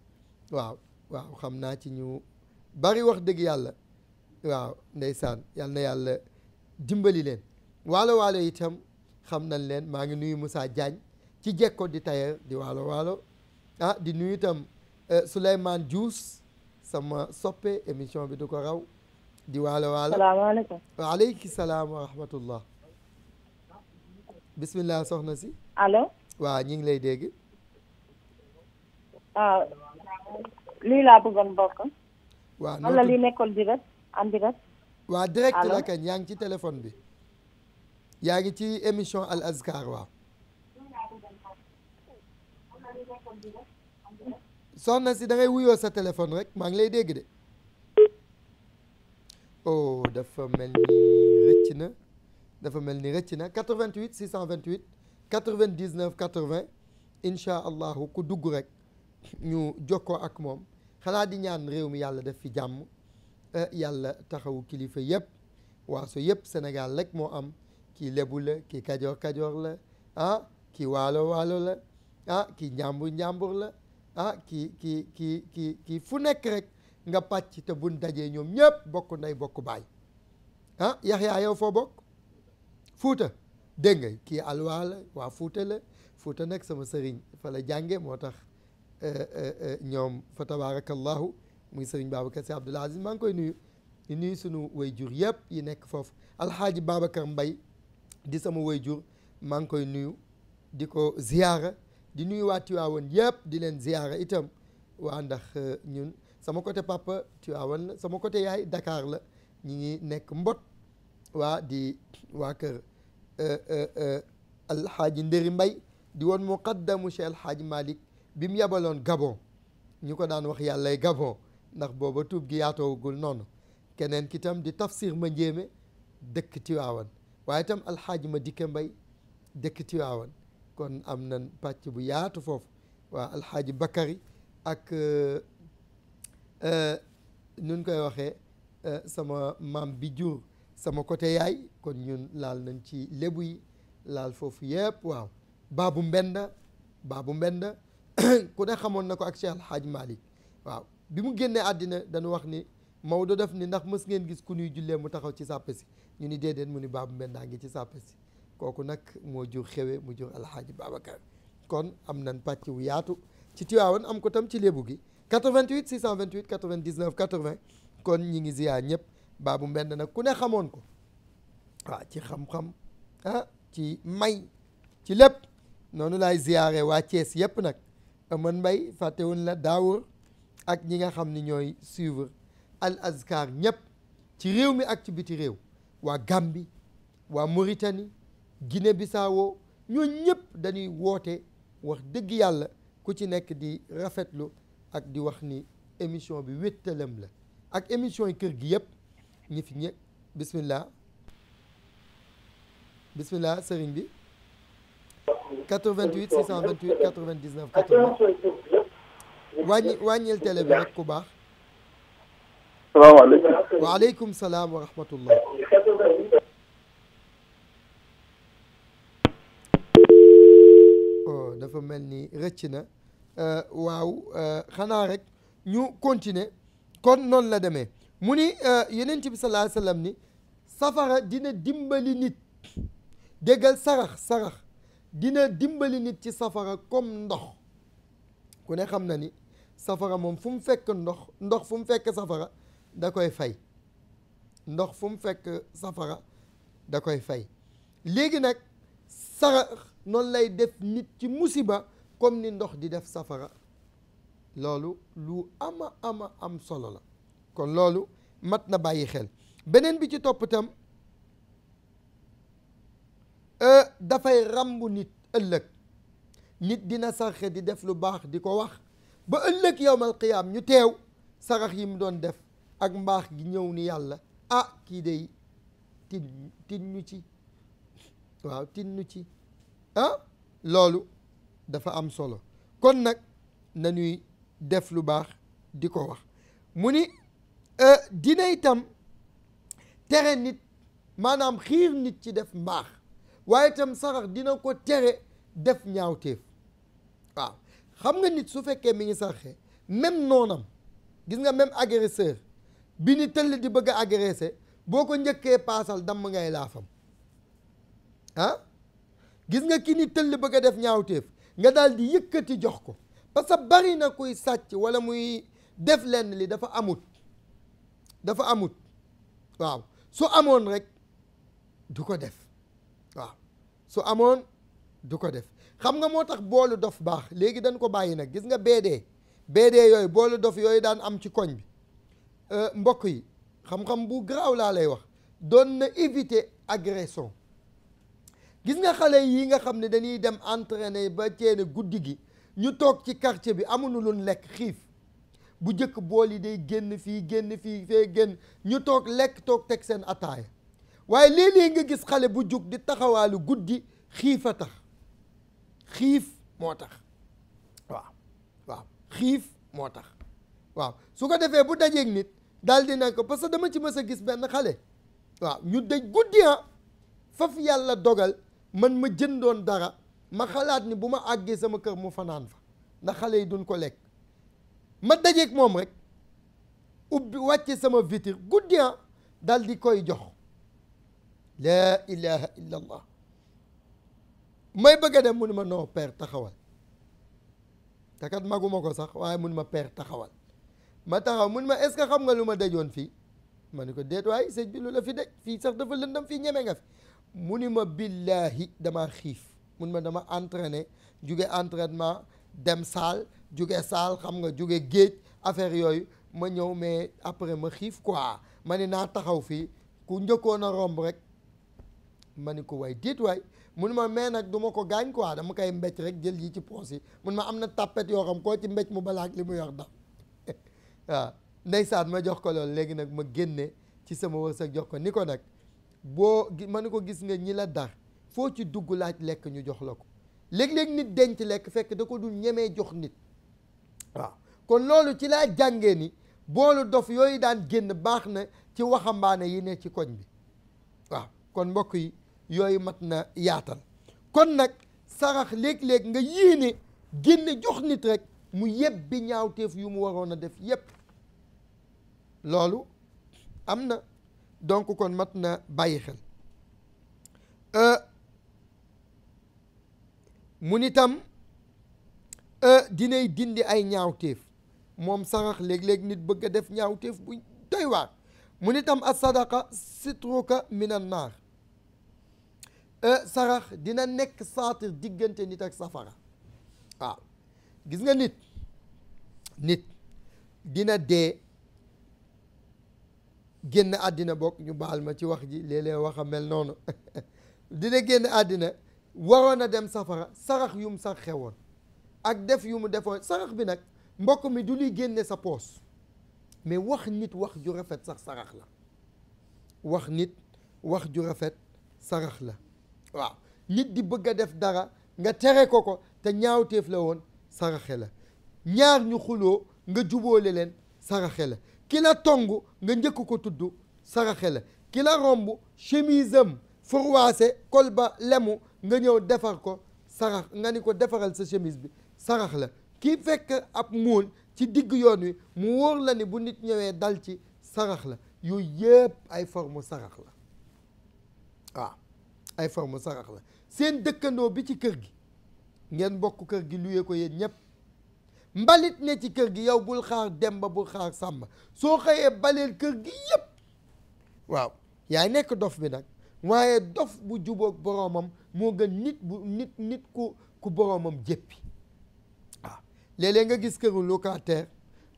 waaw waaw xam naa ci ñu bari wax dëgg yàlla waaw ndeysaan yàlla na yàlla dimbali leen waalo waalo itam xam nañ leen maa ngi nuyu musaa Diagne ci jekko di tailleur di waalo waalo ah di nuyu itam eh, Souleymane juus sama soppe émission bi du ko raw di waalo waalo salaamaaleykum waaleykum salaam wa rahmatullah soxna si allo waaw ñu ngi lay dégg waaw ah, lii laa bëggoon bokk waaw wala lii nekkoon direct en direct waaw direct la kañ yaa ngi ci téléphone bi yaa ngi ci émission Al Azkar waaw soxna si da wuyoo sa téléphone rek maa ngi lay dégg de oh dafa mel ni rëcc na dafa mel ni rëcc na 88 628 99 80 incha allahu ku dugg rek ñu jokkoo ak moom xanaa di ñaan réew mi yàlla def fi jàmm eh, yàlla taxawu kilifa yëpp waaso yëpp Sénégal rek moo am. kii lebu la kii kajoor kajoor la ah, kii waalo waalo la ah, kii njàmbur njàmbur la ah kii kii kii kii kii fu nekk rek nga pàcc te buñ dajee ñoom ñëpp bokk nday bokk baay ah yaxyaa yow foo bokk fuuta dégg nga kii alwaa waa fuuta la fuuta nag sama sëriñ fa la jànge moo tax eh, eh, eh, ñoom fa tabarakallahu muy sëriñ Babacar Si Abdoul Aziz maa ngi koy nuyu nuyu sunu way jur yëpp yi nekk foofu alxaaji Babacar Mbay di sama jur maa ngi koy nuyu di ko ziyaara di nuyu waa Tiwaawan yëpp di leen ziyaara itam waa ndax euh, ñun sama côté papa Tiwaawan la sama côté yaay Dakar la ñu ngi nekk mbot waa di waa kër euh, euh, alxaaji Ndëri Mbay di woon muqaddamu Cheikh xaaj Malick bi mu yebaloon Gabon ñu ko daan wax yàllay Gabon ndax booba tuub gi yaatoogul noonu keneen ki tam di tafsir ma njéemé dëkk Tiwaawan waaye itam alxaaji ma dikk mbay dëkk Tiwaawan kon am nan pàcc bu yaatu foofu waa alxaaji Bakari ak euh, euh, nun koy waxee euh, sama maam bi jur sama côté yaay kon ñun laal nañ ci lébu yi laal foofu yëpp waaw mbenn baa bu mbenn ku ne xamoon na ko ak Cheikh alxaaji Malick waaw bi mu génnee àddina danu wax ni Maodo def ni ndax mës ngeen gis ku ñuy jullee mu taxaw ci sàppe si ñu ni déedéet mu ni baabu mbendaa ngi ci sàppe si kooku nag moo jur xewe mu jur alxaaji Babacar kon am nan pàcc wu yaatu ci Tiwaawan am ko tam ci lébu gi 88 628 99 80 kon ñi ngi ziyaa ñëpp baabu mbend nag ku ne xamoon ko waaw ci xam-xam ah ci may ci lépp noonu laay ziyaare waa Thiès yëpp nag aman mbay fàttewun la daawur ak ñi nga xam ni ñooy suivre al azkar ñëpp ci réew mi ak ci biti réew waa Gambie waa Mauritanie Guinée Bissau ñooñ ñëpp dañuy woote wax dëgg yàlla ku ci nekk di rafetlu ak di wax ni émission bi wéttalam la ak émission yi kër gi yëpp ñi fi ñëpp bismillah bismillah sëriñ bi 88 628 99 80 wàññi bi rek ku baax salaamaaleykum waaleykum salaam wa rahmatullah Oh, dafa mel ni rëcc na euh, waaw euh, xanaa rek ñu continuer kon noonu la demee mu ni euh, yeneen ci bi sallallahu alayhi ni safara dina dimbali nit déggal sarax sarax dina dimbali nit ci safara comme ndox ku ne xam na ni safara moom fu mu fekk ndox ndox fu mu fekk safara da koy fay ndox fu mu fekk safara da koy fay léegi nag sarax noonu lay def nit ci musiba comme ni ndox di def safara loolu lu ama ama am solo la kon loolu mat na bàyyi xel beneen bi ci topp itam euh, dafay ràmbu nit ëllëg nit dina sarxe di def lu baax di ko wax ba ëllëg yowmal qiyaam ñu teew sarax yi mu doon def ak mbaax gi ñëw ni yàlla ah kii day tin tin ñu ci waaw tin ñu ci ah loolu dafa am solo kon nag nañuy def lu baax di ko wax mu ni eh, dina itam tere nit maanaam xiir nit ci def mbaax waaye itam sarax dina ko tere def ñaawteef waaw xam nga nit su fekkee mi ngi sarxe même noonam gis nga même agresseur bi ni tëll di bëgg a boo ko njëkkee paasal damm ngay laafam ah gis nga ki ni tëll bëgg a def ñaawteef nga daal di yëkkati jox ko parce que bari na kuy sàcc wala muy def lenn li dafa amut dafa amut waaw su amoon rek du ko def waaw su amoon du ko def xam nga moo tax boolu dof baax léegi dañ ko bàyyi nag gis nga beedee beedee yooyu boolu dof yooyu daan am ci koñ bi Euh, mbokk yi xam-xam bu garaaw laa lay wax doon na éviter agression gis nga xale yi nga xam ne dañuy dem entraîner ba teene guddi gi ñu toog ci quartier bi amuñu lu lekk xiif bu njëkk bool yi day génn fii génn fii fee génn ñu toog lekk toog teg seen ataaya waaye léeg-léeg nga gis xale bu jug di taxawaalu guddi xiif a tax xiif moo tax waaw xiif moo tax waaw su ko defee bu dajeeg nit daal di ne ko parce que dama ci ma a gis benn xale waaw ñu daj guddi ah faf yàlla dogal man ma jëndoon dara ma xalaat ni bu ma àggee sama kër mu fanaan fa ndax xale yi duñ ko lekk ma dajeeg moom rek ubbi wàcce sama vitre guddi ah daal di koy jox laa ilaha illa may bëgg a dem mu ne ma non père taxawal te kat maguma ko sax waaye mu ne ma père taxawal ma taxaw mun ma est ce que xam nga lu ma dajoon fii ma ne ko déet waay sëñ bi lu la fi daj fii sax dafa lëndam fii ñeme nga fi mu ni ma billahi damaa xiif mun ma dama entraîné juge entraînement dem saal jóge saal xam nga jóge géej affaire yooyu ma ñëw mais après ma xiif quoi ma ni naa taxaw fii ku njëkkoon a romb rek ma ni ko waay déet waay mun ma mais nag du ma ko gaañ quoi dama koy mbécc rek jël yi ci poos yi mun ma am na tapet yoo xam koo ci mbécc mu balaak li mu yor dam waaw ndeysaan ma jox ko loolu léegi nag ma génne ci sama sa jox ko ni ko nag boo ma ne ko gis nga ñi la dar foo ci dugg laaj lekk ñu jox la ko léeg-léeg nit denc lekk fekk da ko du ñemee jox nit waaw kon loolu ci laa jàngee ni boolu dof yooyu daan génn baax na ci waxambaane yi ne ci koñ bi waaw kon mbokk yi yooyu mat na yaatal kon nag sarax léeg-léeg nga yéene génne jox nit rek mu ñaaw ñaawteef yu mu waroon a def yépp loolu am na donc kon mat na bàyyi xel euh, mu nitam euh, dinay dindi ay ñaawteef moom sarax léeg-léeg nit bëgg a def ñaawteef bu doy waar mu nitam as sadaqa sitruka min an naar euh, sarax dina nekk saatir diggante nit ak safara waaw gis nga nit nit dina dee génn àddina bokk ñu baal ma ci wax ji léeg-léeg wax a mel noonu dina génn àddina waroon a dem safara sarax yu mu sax ak def yu mu defoon sarax bi nag mbokk mi du luy génne sa poos mais wax nit wax ju rafet sax sarax la wax nit wax ju rafet sarax la waaw nit di bëgg a def dara nga tere ko ko te ñaawteef la woon saraxe la ñaar ñu xuloo nga jubóole leen saraxe la ki tong nga njëkk ko tudd saraxe la ki romb chemise am furwaase kol ba lemu nga ñëw defar ko sarax nga ni ko defaral sa chemise bi sarax la ki fekk ab muul ci digg yoon wi mu wóor la ni bu nit ñëwee dal ci sarax la yooyu yëpp ay forme sarax la waaw ay formu sarax la seen dëkkandoo bi ci kër gi ngeen bokk kër gi luyee ko yéen ñëpp mbalit ne ci kër gi yow bul xaar Demba bul xaar Sàmba soo xëyee baleel kër gi yëpp waaw yaay nekk dof bi nag waaye dof bu jubook boroomam moo gën nit bu nit nit ku ku boroomam jéppi waaw nga gis këru locataire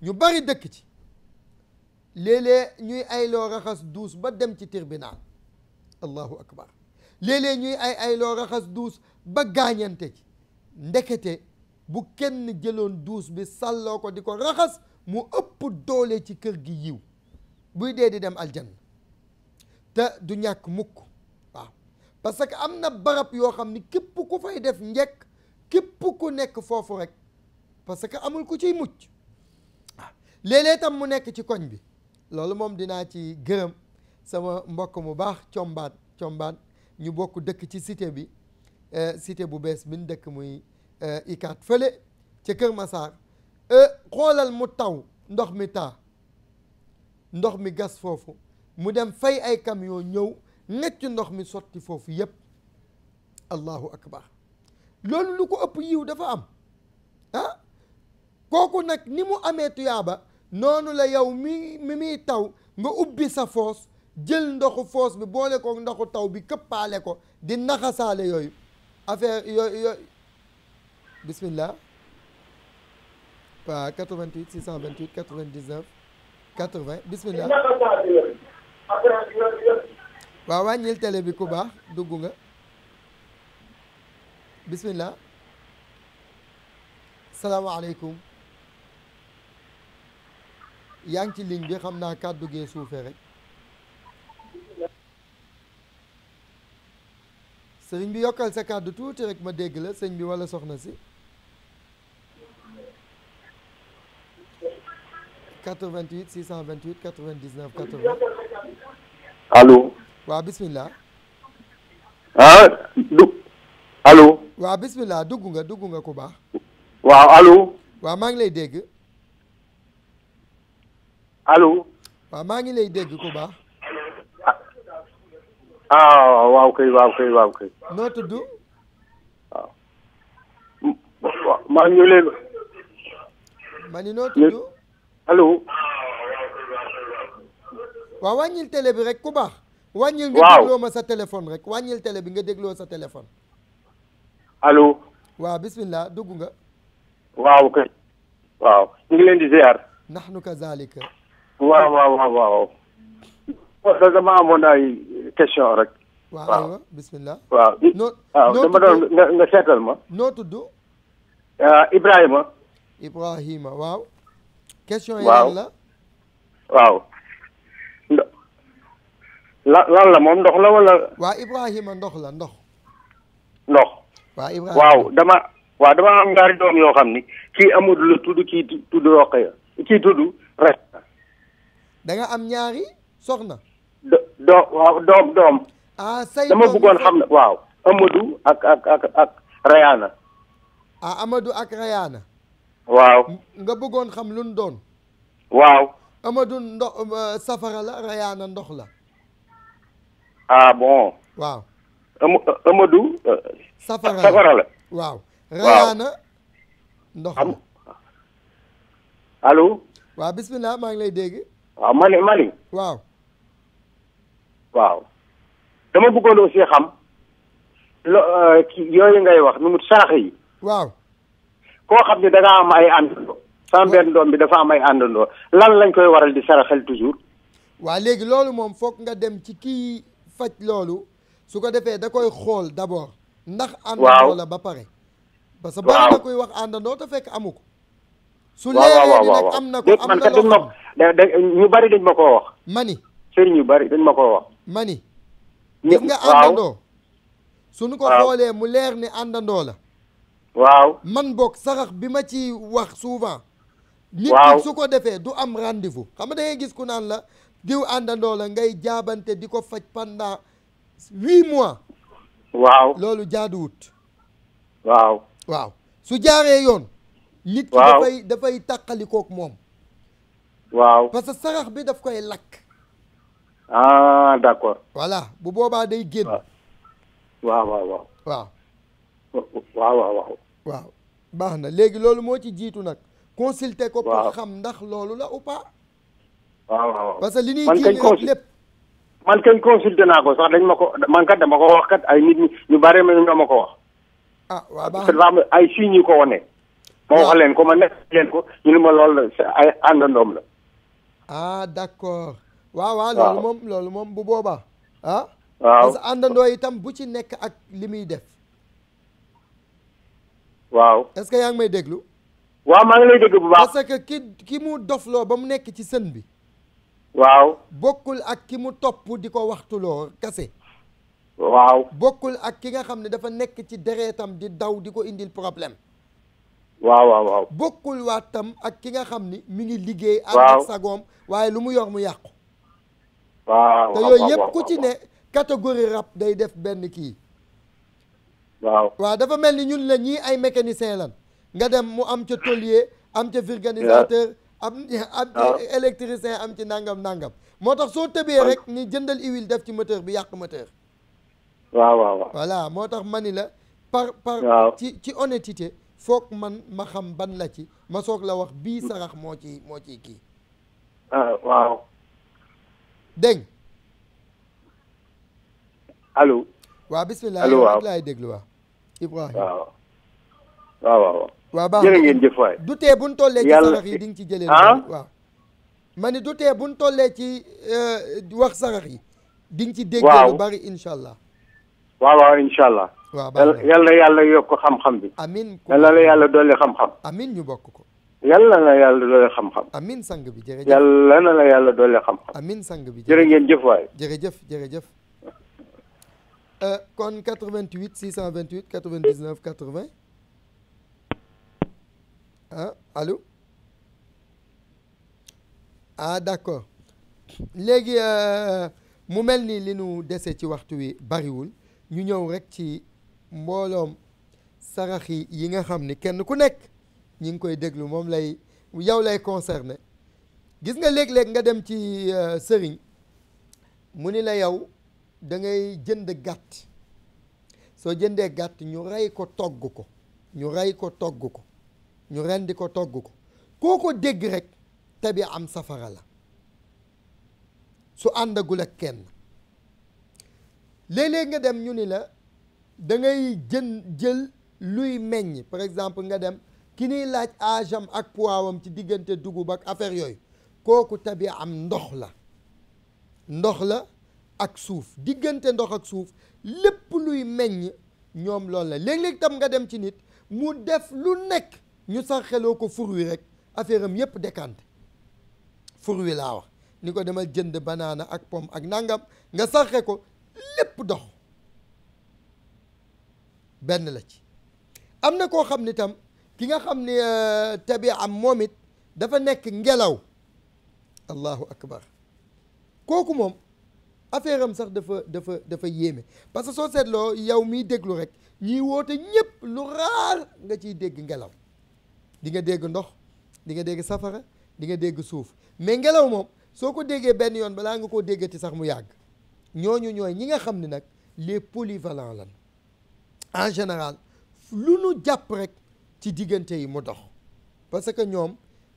ñu bari dëkk ci léeg-léeg ñuy ay raxas duus ba dem ci tribunal allahu akbar léeg ñuy ay ay raxas duus ba gaañante ci ndekete bu kenn jëloon duus bi sàlloo ko di ko raxas mu ëpp doole ci kër gi yiw buy dee di dem aljanna te du ñàkk mukk waaw parce que am na barab yoo xam ni képp ku fay def njekk képp ku nekk foofu rek parce que amul ku ciy mucc waaw léeg-léeg tam mu nekk ci koñ bi loolu moom dinaa ci gërëm sama mbokk mu baax combaat combaat ñu bokk dëkk ci cité bi eh, cité bu bees bi dëkk muy Eh, ICAT fële ca Kër Massar eh, xoolal mu taw ndox mi taa ndox mi gas foofu mu dem fay ay camion ñëw necc ndox mi sotti foofu yépp allahu akbar loolu lu ko ëpp yiw dafa am ah kooku nag ni mu amee tuyaaba noonu la yow mi mi muy taw nga ubbi sa foos jël ndoxu foos bi boole ko ndoxu taw bi këppaale ko di naxasaale yooyu affaire yooyu bismillah waaw vingt 628 99 80 bismillah waaw wàññil télé bi ku baax dugg nga bismillah salaamaaleykum yaa ngi ci ligne bi xam naa kàddu gee suufee sëriñ bi yokkal sa kàddu tuuti rek ma dégg la sëñ bi walla soxna si 88 628 99 80 allo waaw bismillah ah du allo waa bismillah dugg nga dugg nga ku baax waaw waa waaw maa ngi lay dégg allo waaw maa ngi lay dégg ku baax ah waaw kay waaw kay waaw kay. noo tudd. waaw. maa ngi ni noo tudd. allo. waaw wàññil télé bi rek ku baax. wàññil nga dégloo ma sa téléphone rek wàññil télé bi nga dégloo sa téléphone. allo. waaw bismillah dugg nga. waaw kay. waaw ñu ngi leen di ziar. naxnu kazalika. waaw waaw waaw waaw. waaw dama amoon ay question rek. waaw aywa bismillah waaw dama doon nga nga seetal ma. noo tudd. Ah, Ibrahima. Ibrahima waaw. question yi lan la waaw. la lan la moom ndox la wala. waa Ibrahima ndox la ndox. ndox. waaw Ibrahima waaw dama. waa dama am ñaari doom yoo xam ni kii Amadou la tudd kii tudd Roqaya kii tudd Resta. da nga am ñaari soxna. doom waaw doom doom. ah dama bëggoon xam ne waaw Amadou ak ak ak ak ah Amadou ak Rayana. waaw. nga bëggoon xam lu doon. waaw. Amadou ndox euh, safara la Rayana ndox la. ah bon. waaw. Amadou. Euh, safara la waaw. Rayana ndox la. waaw bismillah maa ngi lay dégg. waaw Mali Mali. waaw. waaw dama bëggoon si xam lo euh, kii yooyu ngay wax nu mu sarax yi. waaw. koo xam ne da nga am ay àndandoo. sama benn doom bi dafa am ay àndandoo lan lañ koy waral di saraxel toujours. waaw léegi loolu moom foog nga dem ci kii faj loolu su ko defee da koy xool d'abord. ndax àndandoo la ba pare. parce que bari na koy wax àndandoo te fekk amu ko. su léeree ni am na ko am na loo xam ñu bari dañ ma koo wax. mani sëriñ yu bari dañ ma koo wax. mani gis nga àndandoo nu ko xoolee mu leer ne àndandoo la waaw man boog sarax bi ma ci wax souvent nit ki su ko defee du am rendez fu xam nga da gis ku naan la giw àndandoo la ngay jaabante di ko faj pendant huit mois waaw loolu jaaduwut waaw waaw su jaaree yoon nit ki dafay dafay tàqalikook moom waaw parce que sarax bi daf koy lakk ah d' accord. voilà bu boobaa day génn. Ah. waaw waaw waaw. waaw. waaw waaw baax na léegi loolu moo ci jiitu nag. consulter ko pour xam ndax loolu la ou pas. waaw waaw parce que li ñuy génne lépp. man kañ consulter naa ko sax dañ ma ko man kat dama ko wax kat ay nit ñi ñu bare ma ñoo ma ko wax. ah waaw baax na ay signes yu ko ma wax leen ko ma nekk leen ko ñu ne ma loolu la ay àndandoom la. ah daccord waaw waaw loolu moom loolu moom bu boobaa ah waaw parce que àndandoo itam bu ci nekk ak li muy def waaw est que yaa ngi may déglu waaw maa ngi lay dégg bu baax parce que ki ki mu dofloo ba mu nekk ci sën bi waaw bokkul ak ki mu topp di ko waxtuloo kase waaw ak ki nga xam ne dafa nekk ci dereetam di daw di ko indil problème waaw waaw waaw bokkul waatam ak ki nga xam ni mi ngi liggéey ak sagoom waaye lu mu yor mu yàqu waaw te yooyu yëpp ku ci ne catégorie rap day def benn kii. waaw waaw dafa mel ni ñun la ñii ay mécanicien lan nga dem mu am ca tôlier am ca vulcanisateur am am ci ah. électricien am ci nangam nangam moo tax soo tëbee rek ni jëndal huile def ci moteur bi yàq moteur waaw waaw waaw voilà moo tax ma ni la par par ci ci honnêteté foog man ma xam ban la ci ma soog la wax bii sarax moo ci moo ciy kii ah, waaw dégg allo. waaw bisimilah allo waaw laay déglu waaw Ibrahima waaw waaw waaw. waaw baax jërë ngeen jëf waay. du tee bu ñu tollee ci sarax yi di nga ci jëlee. ah waaw. ma ni du tee bu ñu tollee ci euh, wax sarax yi. di nga ci déggee lu bari incha allah. waaw waaw incha allah. waaw baax na yàlla yàlla yokk xam-xam bi. amiin ku yàlla yàlla dolli xam-xam. amiin ñu bokk ko. yàlla na yàlla doole xam-xam. amin sang bi jërëjëf yàlla na la yàlla doole xam-xam. amin sang bi jërë ngeen jëf waay. jërëjëf jërëjëf. Euh, kon vingt cent 88 628 99 80 ah allo ah d'accord léegi euh, mu mel ni li nu dese ci waxtu wi bariwul ñu ñëw rekk ci mbooloom sarax yi nga xam ni kenn ku nekk. ñi ngi koy déglu moom lay yow lay concerné gis nga léeg-léeg nga dem ci euh, sëriñ mu ni la yow da ngay jënd gàtt soo jëndee gàtt ñu rey ko togg ko ñu rey ko togg ko ñu rendi ko togg ko koo ko dégg rek tabi am safara la su àndagul ak kenn léeg-léeg nga dem ñu ni la da ngay jën jël luy meññ par exemple nga dem ki ñuy laaj âge ak poids ci diggante dugub ak affaire yooyu kooku tabi am ndox la ndox la ak suuf diggante ndox ak suuf lépp luy meññ ñoom loolu la léeg-léeg tam nga dem ci nit mu def lu nekk ñu sax ko fur wi rek affaire am yépp décanté fuur wi laa wax ni ko demal jënd banaana ak pomme ak nangam nga sarxe ko lépp dox benn la ci am na koo xam nitam ki nga xam ne euh, tabi am moom it dafa nekk ngelaw allahu akbar kooku moom affaire am sax dafa dafa dafa yéeme parce que soo seetloo yow mi déglu rek ñiy woote ñëpp lu raar nga ciy dégg ngelaw di nga dégg ndox di nga dégg safara di nga dégg suuf mais ngelaw moom soo ko déggee benn yoon balaa nga koo déggati sax mu yàgg ñoo ñu ñooy ñi nga xam ni nag les polyvalents lan en général lu nu jàpp rek ci diggante yi mu dox parce que ñoom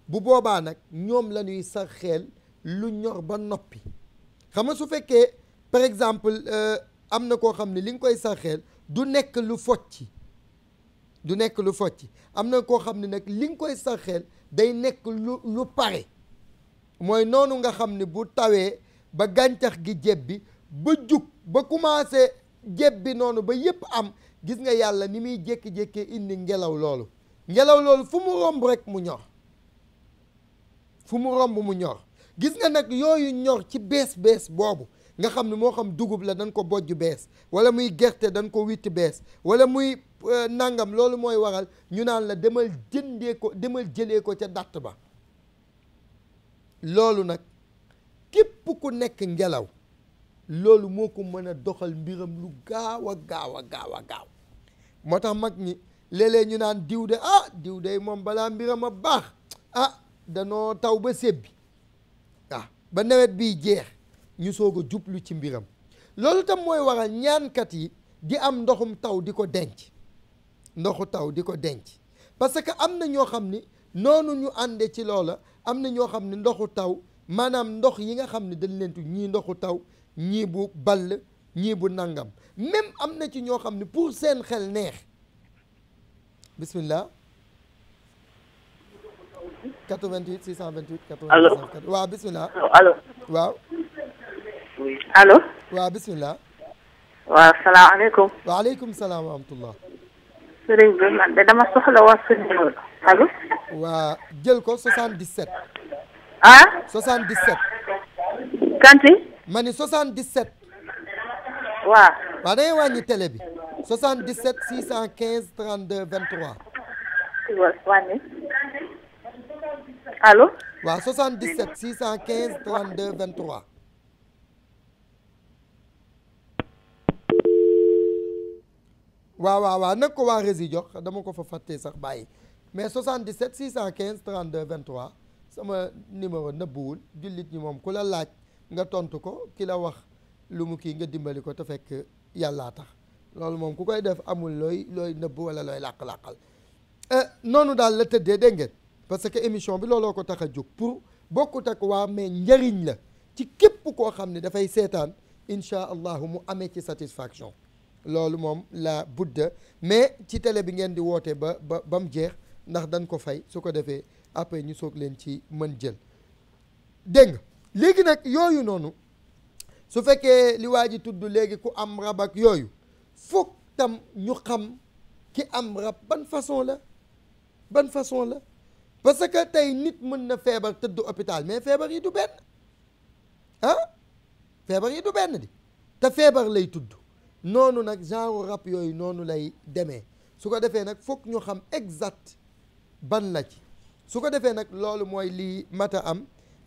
bu boobaa nag ñoom la ñuy sax lu ñor ba noppi xam nga su fekkee par exemple euh, am na koo xam ne li nga koy sax du nekk lu focci du nekk lu focci am na koo xam ne nag li koy sax day nekk lu lu pare mooy noonu nga xam ne bu tawee ba gàncax gi jebbi ba jug ba commencé jebbi noonu ba yépp am gis nga yàlla ni muy jékki-jékkee indi ngelaw loolu ngelaw loolu fu mu romb rek mu ñor fu mu romb mu ñor gis nga nag yooyu ñor ci bees bees boobu nga xam ne moo xam dugub la dañ ko bojj bees wala muy gerte dañ ko witti bees wala muy euh, nangam loolu mooy waral ñu naan la demal jëndee ko demal jëlee ko ca datt ba loolu nag képp ku nekk ngelaw loolu moo ko mën a doxal mbiram lu gaaw a gaaw a gaaw gaaw moo tax mag ñi léeg-léeg ñu naan diw de ah diw de moom balaa mbiram a baax ah danoo taw ba sébbi waaw ba nawet bi jeex ñu soog a jublu ci mbiram loolu tam mooy waral ñaankat yi di am ndoxum taw di ko denc ndoxu taw di ko denc parce que am na ñoo xam ni noonu ñu ànde ci loola am na ñoo xam ne ndoxu taw maanaam ndox yi nga xam ne dañ leen ñii ndoxu taw ñii bu ball ñii bu nangam même am na ci ñoo xam ne pour seen xel neex bismillah 88 628 88 waaw bismillah allo bismillah waaw salaamaaleykum waaleykum salaam wa rahmatullah sëriñ bi man waa jël ko 77 ah 77 kanti ma ni 77 waa waa da wàññi télé bi 77 615 32 23. wàññi allo. waaw 77 615 32 23. waaw waa waaw nag ko waa Rési jox dama ko fa fàtte sax bàyyi mais 77 615 32 23 sama numéro nëbbuwul jullit ñi moom ku la laaj nga tontu ko ki la wax. lu mu kii nga dimbali ko te fekk yàllaa tax loolu moom ku koy def amul looy looy nëbb wala looy làq-làqal eh, noonu daal la tëddee dégg ngeen parce que émission bi looloo ko tax a jóg pour bokkut ak waa mais njëriñ la ci képp koo xam ne dafay seetaan incha allahu mu amee ci satisfaction loolu moom la budda mais ci télé bi ngeen di woote ba ba ba mu jeex ndax dañ ko fay su ko defee après ñu soog leen ci mën jël dégg nga léegi nag yooyu noonu su fekkee li waa ji tudd léegi ku am rab ak yooyu foog tam ñu xam ki am rab ban façon la ban façon la parce que tey nit mën na feebar tëdd hôpital mais feebar yi du benn ah feebar yi du benn di te feebar lay tudd noonu nag genre rab yooyu noonu lay demee su ko defee nag foog ñu xam exact ban la ci su ko defee nag loolu mooy li a am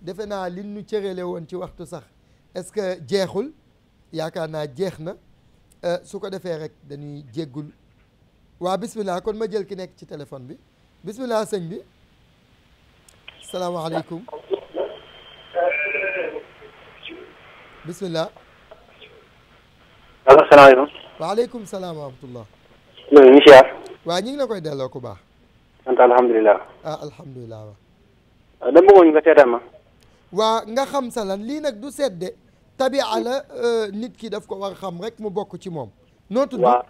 defe naa li ñu cërale woon ci waxtu sax est-ce que jeexul yaakaar naa jeex na euh, su ko defee rekk dañuy jéggul waa bismillah kon ma jël ki nekk ci téléphone bi bismillah sëñ bi salaamaaleykum bismillah allo salaamaaleykum waaleykum salaam wa rahmatullah waa ñu ngi la koy delloo ku baax sant alhamdulilah ah alhamdulilah waaw nga seetal ma waa nga xam sa lan lii nag du sedd tabia la euh, nit ki daf ko war a xam rek mu bokk ci moom. noo tudd waaw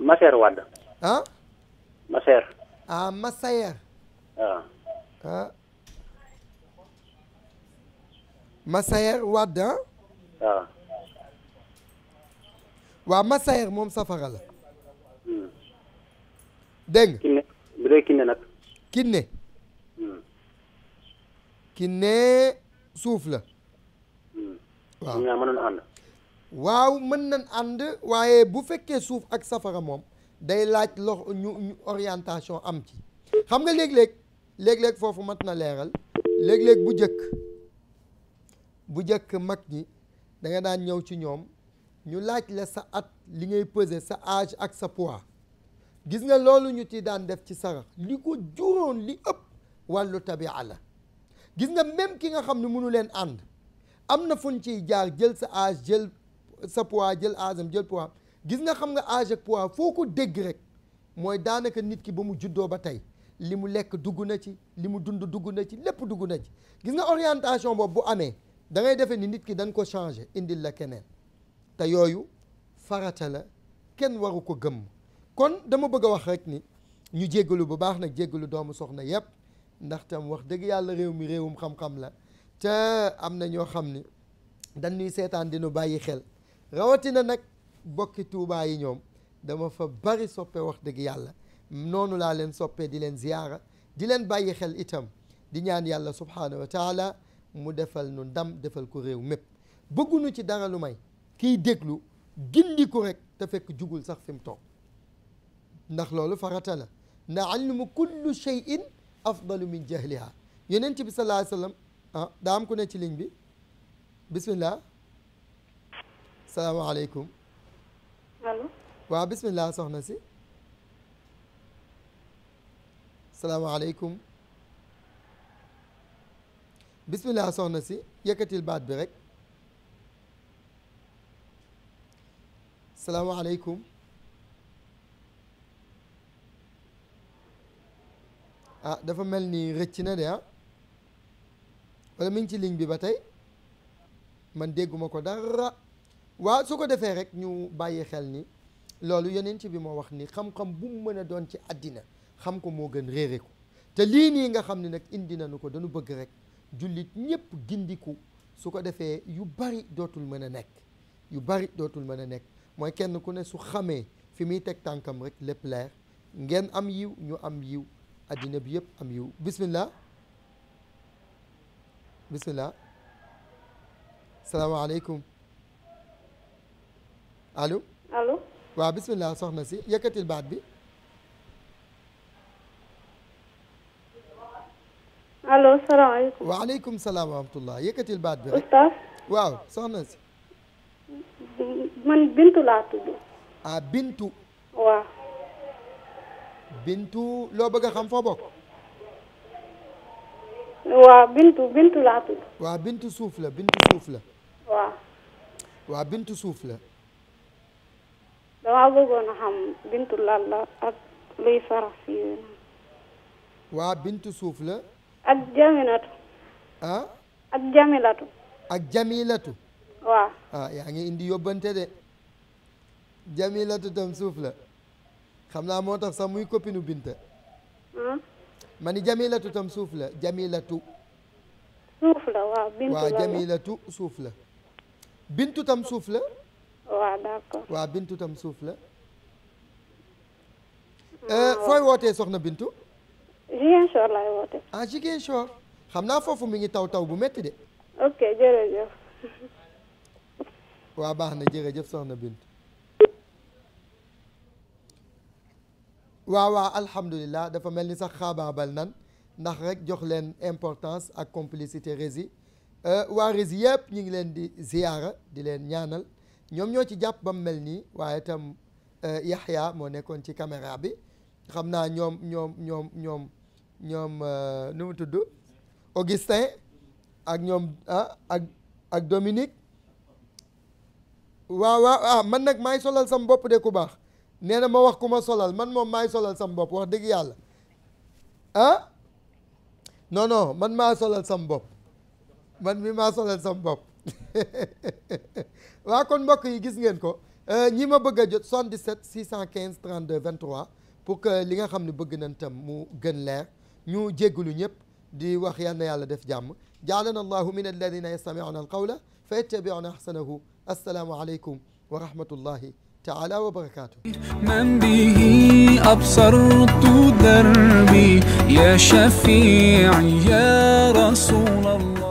Masseer Wade. ah. Masseer. ah Masseer. waaw. ah. ah. Masseer Wade ah. ah. moom safara la. Hmm. dégg nga. Kiné bu dee nag. Kiné. Hmm. Kiné suuf la. waaw ñaa mën na ànd waaye bu fekkee suuf ak safara moom day laaj lox ñu orientation am ci xam nga léeg-léeg léeg-léeg foofu mat na leeral léeg-léeg bu jëkk bu jëkk mag ñi danga daan ñëw ci ñoom ñu laaj la sa at li ngay pose sa âge ak sa poids gis nga loolu ñu ci daan def ci sarax li ko juróon li ëpp wàllu tabia la gis nga même ki nga xam ne mënu leen ànd am na fu ñu ciy jaar jël sa âge jël sa pois jël âge jël poids gis nga xam nga âge ak poids foo ko dégg rek mooy daanaka nit ki ba mu juddoo ba tey li mu lekk dugg na ci li mu dund dugg na ci lépp dugg na ci gis nga orientation boobu bu amee da ngay defee ni nit ki dañ ko changé indil la keneen te yooyu farate la kenn waru ko gëmm kon dama bëgg a wax rek ni ñu jéggalu bu baax nag jéggalu doomu soxna yépp ndax tam wax dëgg yàlla réew mi réewum xam-xam la te am na ñoo xam ne dañuy seetaan dinu bàyyi xel rawatina nag bokki tuubaa yi ñoom dama fa bari soppe wax dëgg yàlla noonu laa leen soppee di leen ziyaara di leen bàyyi xel itam di ñaan yàlla subhaanahu wa mu defal nu ndam defal ko réew mépp bëggunu ci dara lu may kiy déglu gindiku rek te fekk jugul sax fi mu toog ndax loolu farata la na alimu kullu cheyin afdalu min jahliha yonent bi sallallahu alayhi wa sallam ah daa am ku ne ci ligne bi bismillah salaamaaleykum allo waaw bismillah soxna si salaamaaleykum bismillah soxna si yëkkatil baat bi rek salaamaaleykum ah dafa mel ni rëcc na de ah wala mi ci ligne bi ba tey man dégguma ko dara waaw su ko defee rek ñu bàyyi xel ni loolu yeneen ci bi moo wax ni xam-xam bu mu mën a doon ci àddina xam ko moo gën réere ko te lii nii nga xam ne nag indi nañu ko dañu bëgg rek jullit ñëpp gindiku su ko defee yu bari dootul mën a nekk yu bari dootul mën a nekk mooy kenn ku ne su xamee fi muy teg tànkam rek lépp leer ngeen am yiw ñu am yiw àddina bi yëpp am yiw bismillah bisimilah salaamaaleykum allo. allo waaw bisimilah soxna si yëkkatil baat bi. allo salaamaaleykum. waaleykum salaam wa rahmatulah yëkkatil baat bi. oustaz soxna si. man Bintu laa tudd. ah Bintu. waaw. Bintu loo bëgg a xam foo bokk. waaw bintu bintu laa tudd. waaw bintu suuf la bintu suuf la. waaw. waaw bintu suuf la. damaa bëggoon xam bintu lan la ak luy sarax si yéen. bintu suuf la. ak jamilatu. Ah? ak jamilatu. ak jamilatu. waaw. ah yaa ngi indi yóbbante de. jamilatu tam suuf la. xam naa moo tax sax muy copine u Binta. Hmm? ma ni jamilatu tam suuf la jamilatu suuf la waaw bintu waaw suuf la bintu tam suuf la waaw d'accord waaw bintu tam suuf la mm, eh, fooy wootee soxna bintu Ziguinchor laay woote ah Ziguinchor xam naa foofu mi ngi taw taw bu metti de ok jërëjëf waa baax na jërëjëf soxna bintu waawaa alhamdulillah dafa mel ni sax xaabaabal nan ndax rek jox leen importance ak complicité rési euh, waa rési yëpp ñu ngi leen di ziyaara di leen ñaanal ñoom ñoo ci jàpp ba mu mel nii waaye itam euh, Yaxya moo nekkoon ci caméra bi xam naa ñoom ñoom ñoom ñoom ñoom euh, nu mu tudd Augustin ak ñoom ah, ak ak Dominique waaw waa ah man nag maay solal sama bopp de ku baax nee na ma wax ku ma solal man moom maay solal sam bopp wax dëgg yàlla ah non non man maa solal sam bopp man mi maa solal sam bopp kon mbokk yi gis ngeen ko eh, ñi ma bëgg a jot 77 615 32 23 pour que li nga xam ni bëgg nañ tam mu gën leer ñu jéggulu ñëpp di wax yal na yàlla def jàmm jaalana allahu min alladina yastamiuna alqawla fa yattabiuna ahsanahu assalaamu aleykum wa rahmatullahi تعالى وبركاته من به أبصرت دربي يا شفيعي يا رسول الله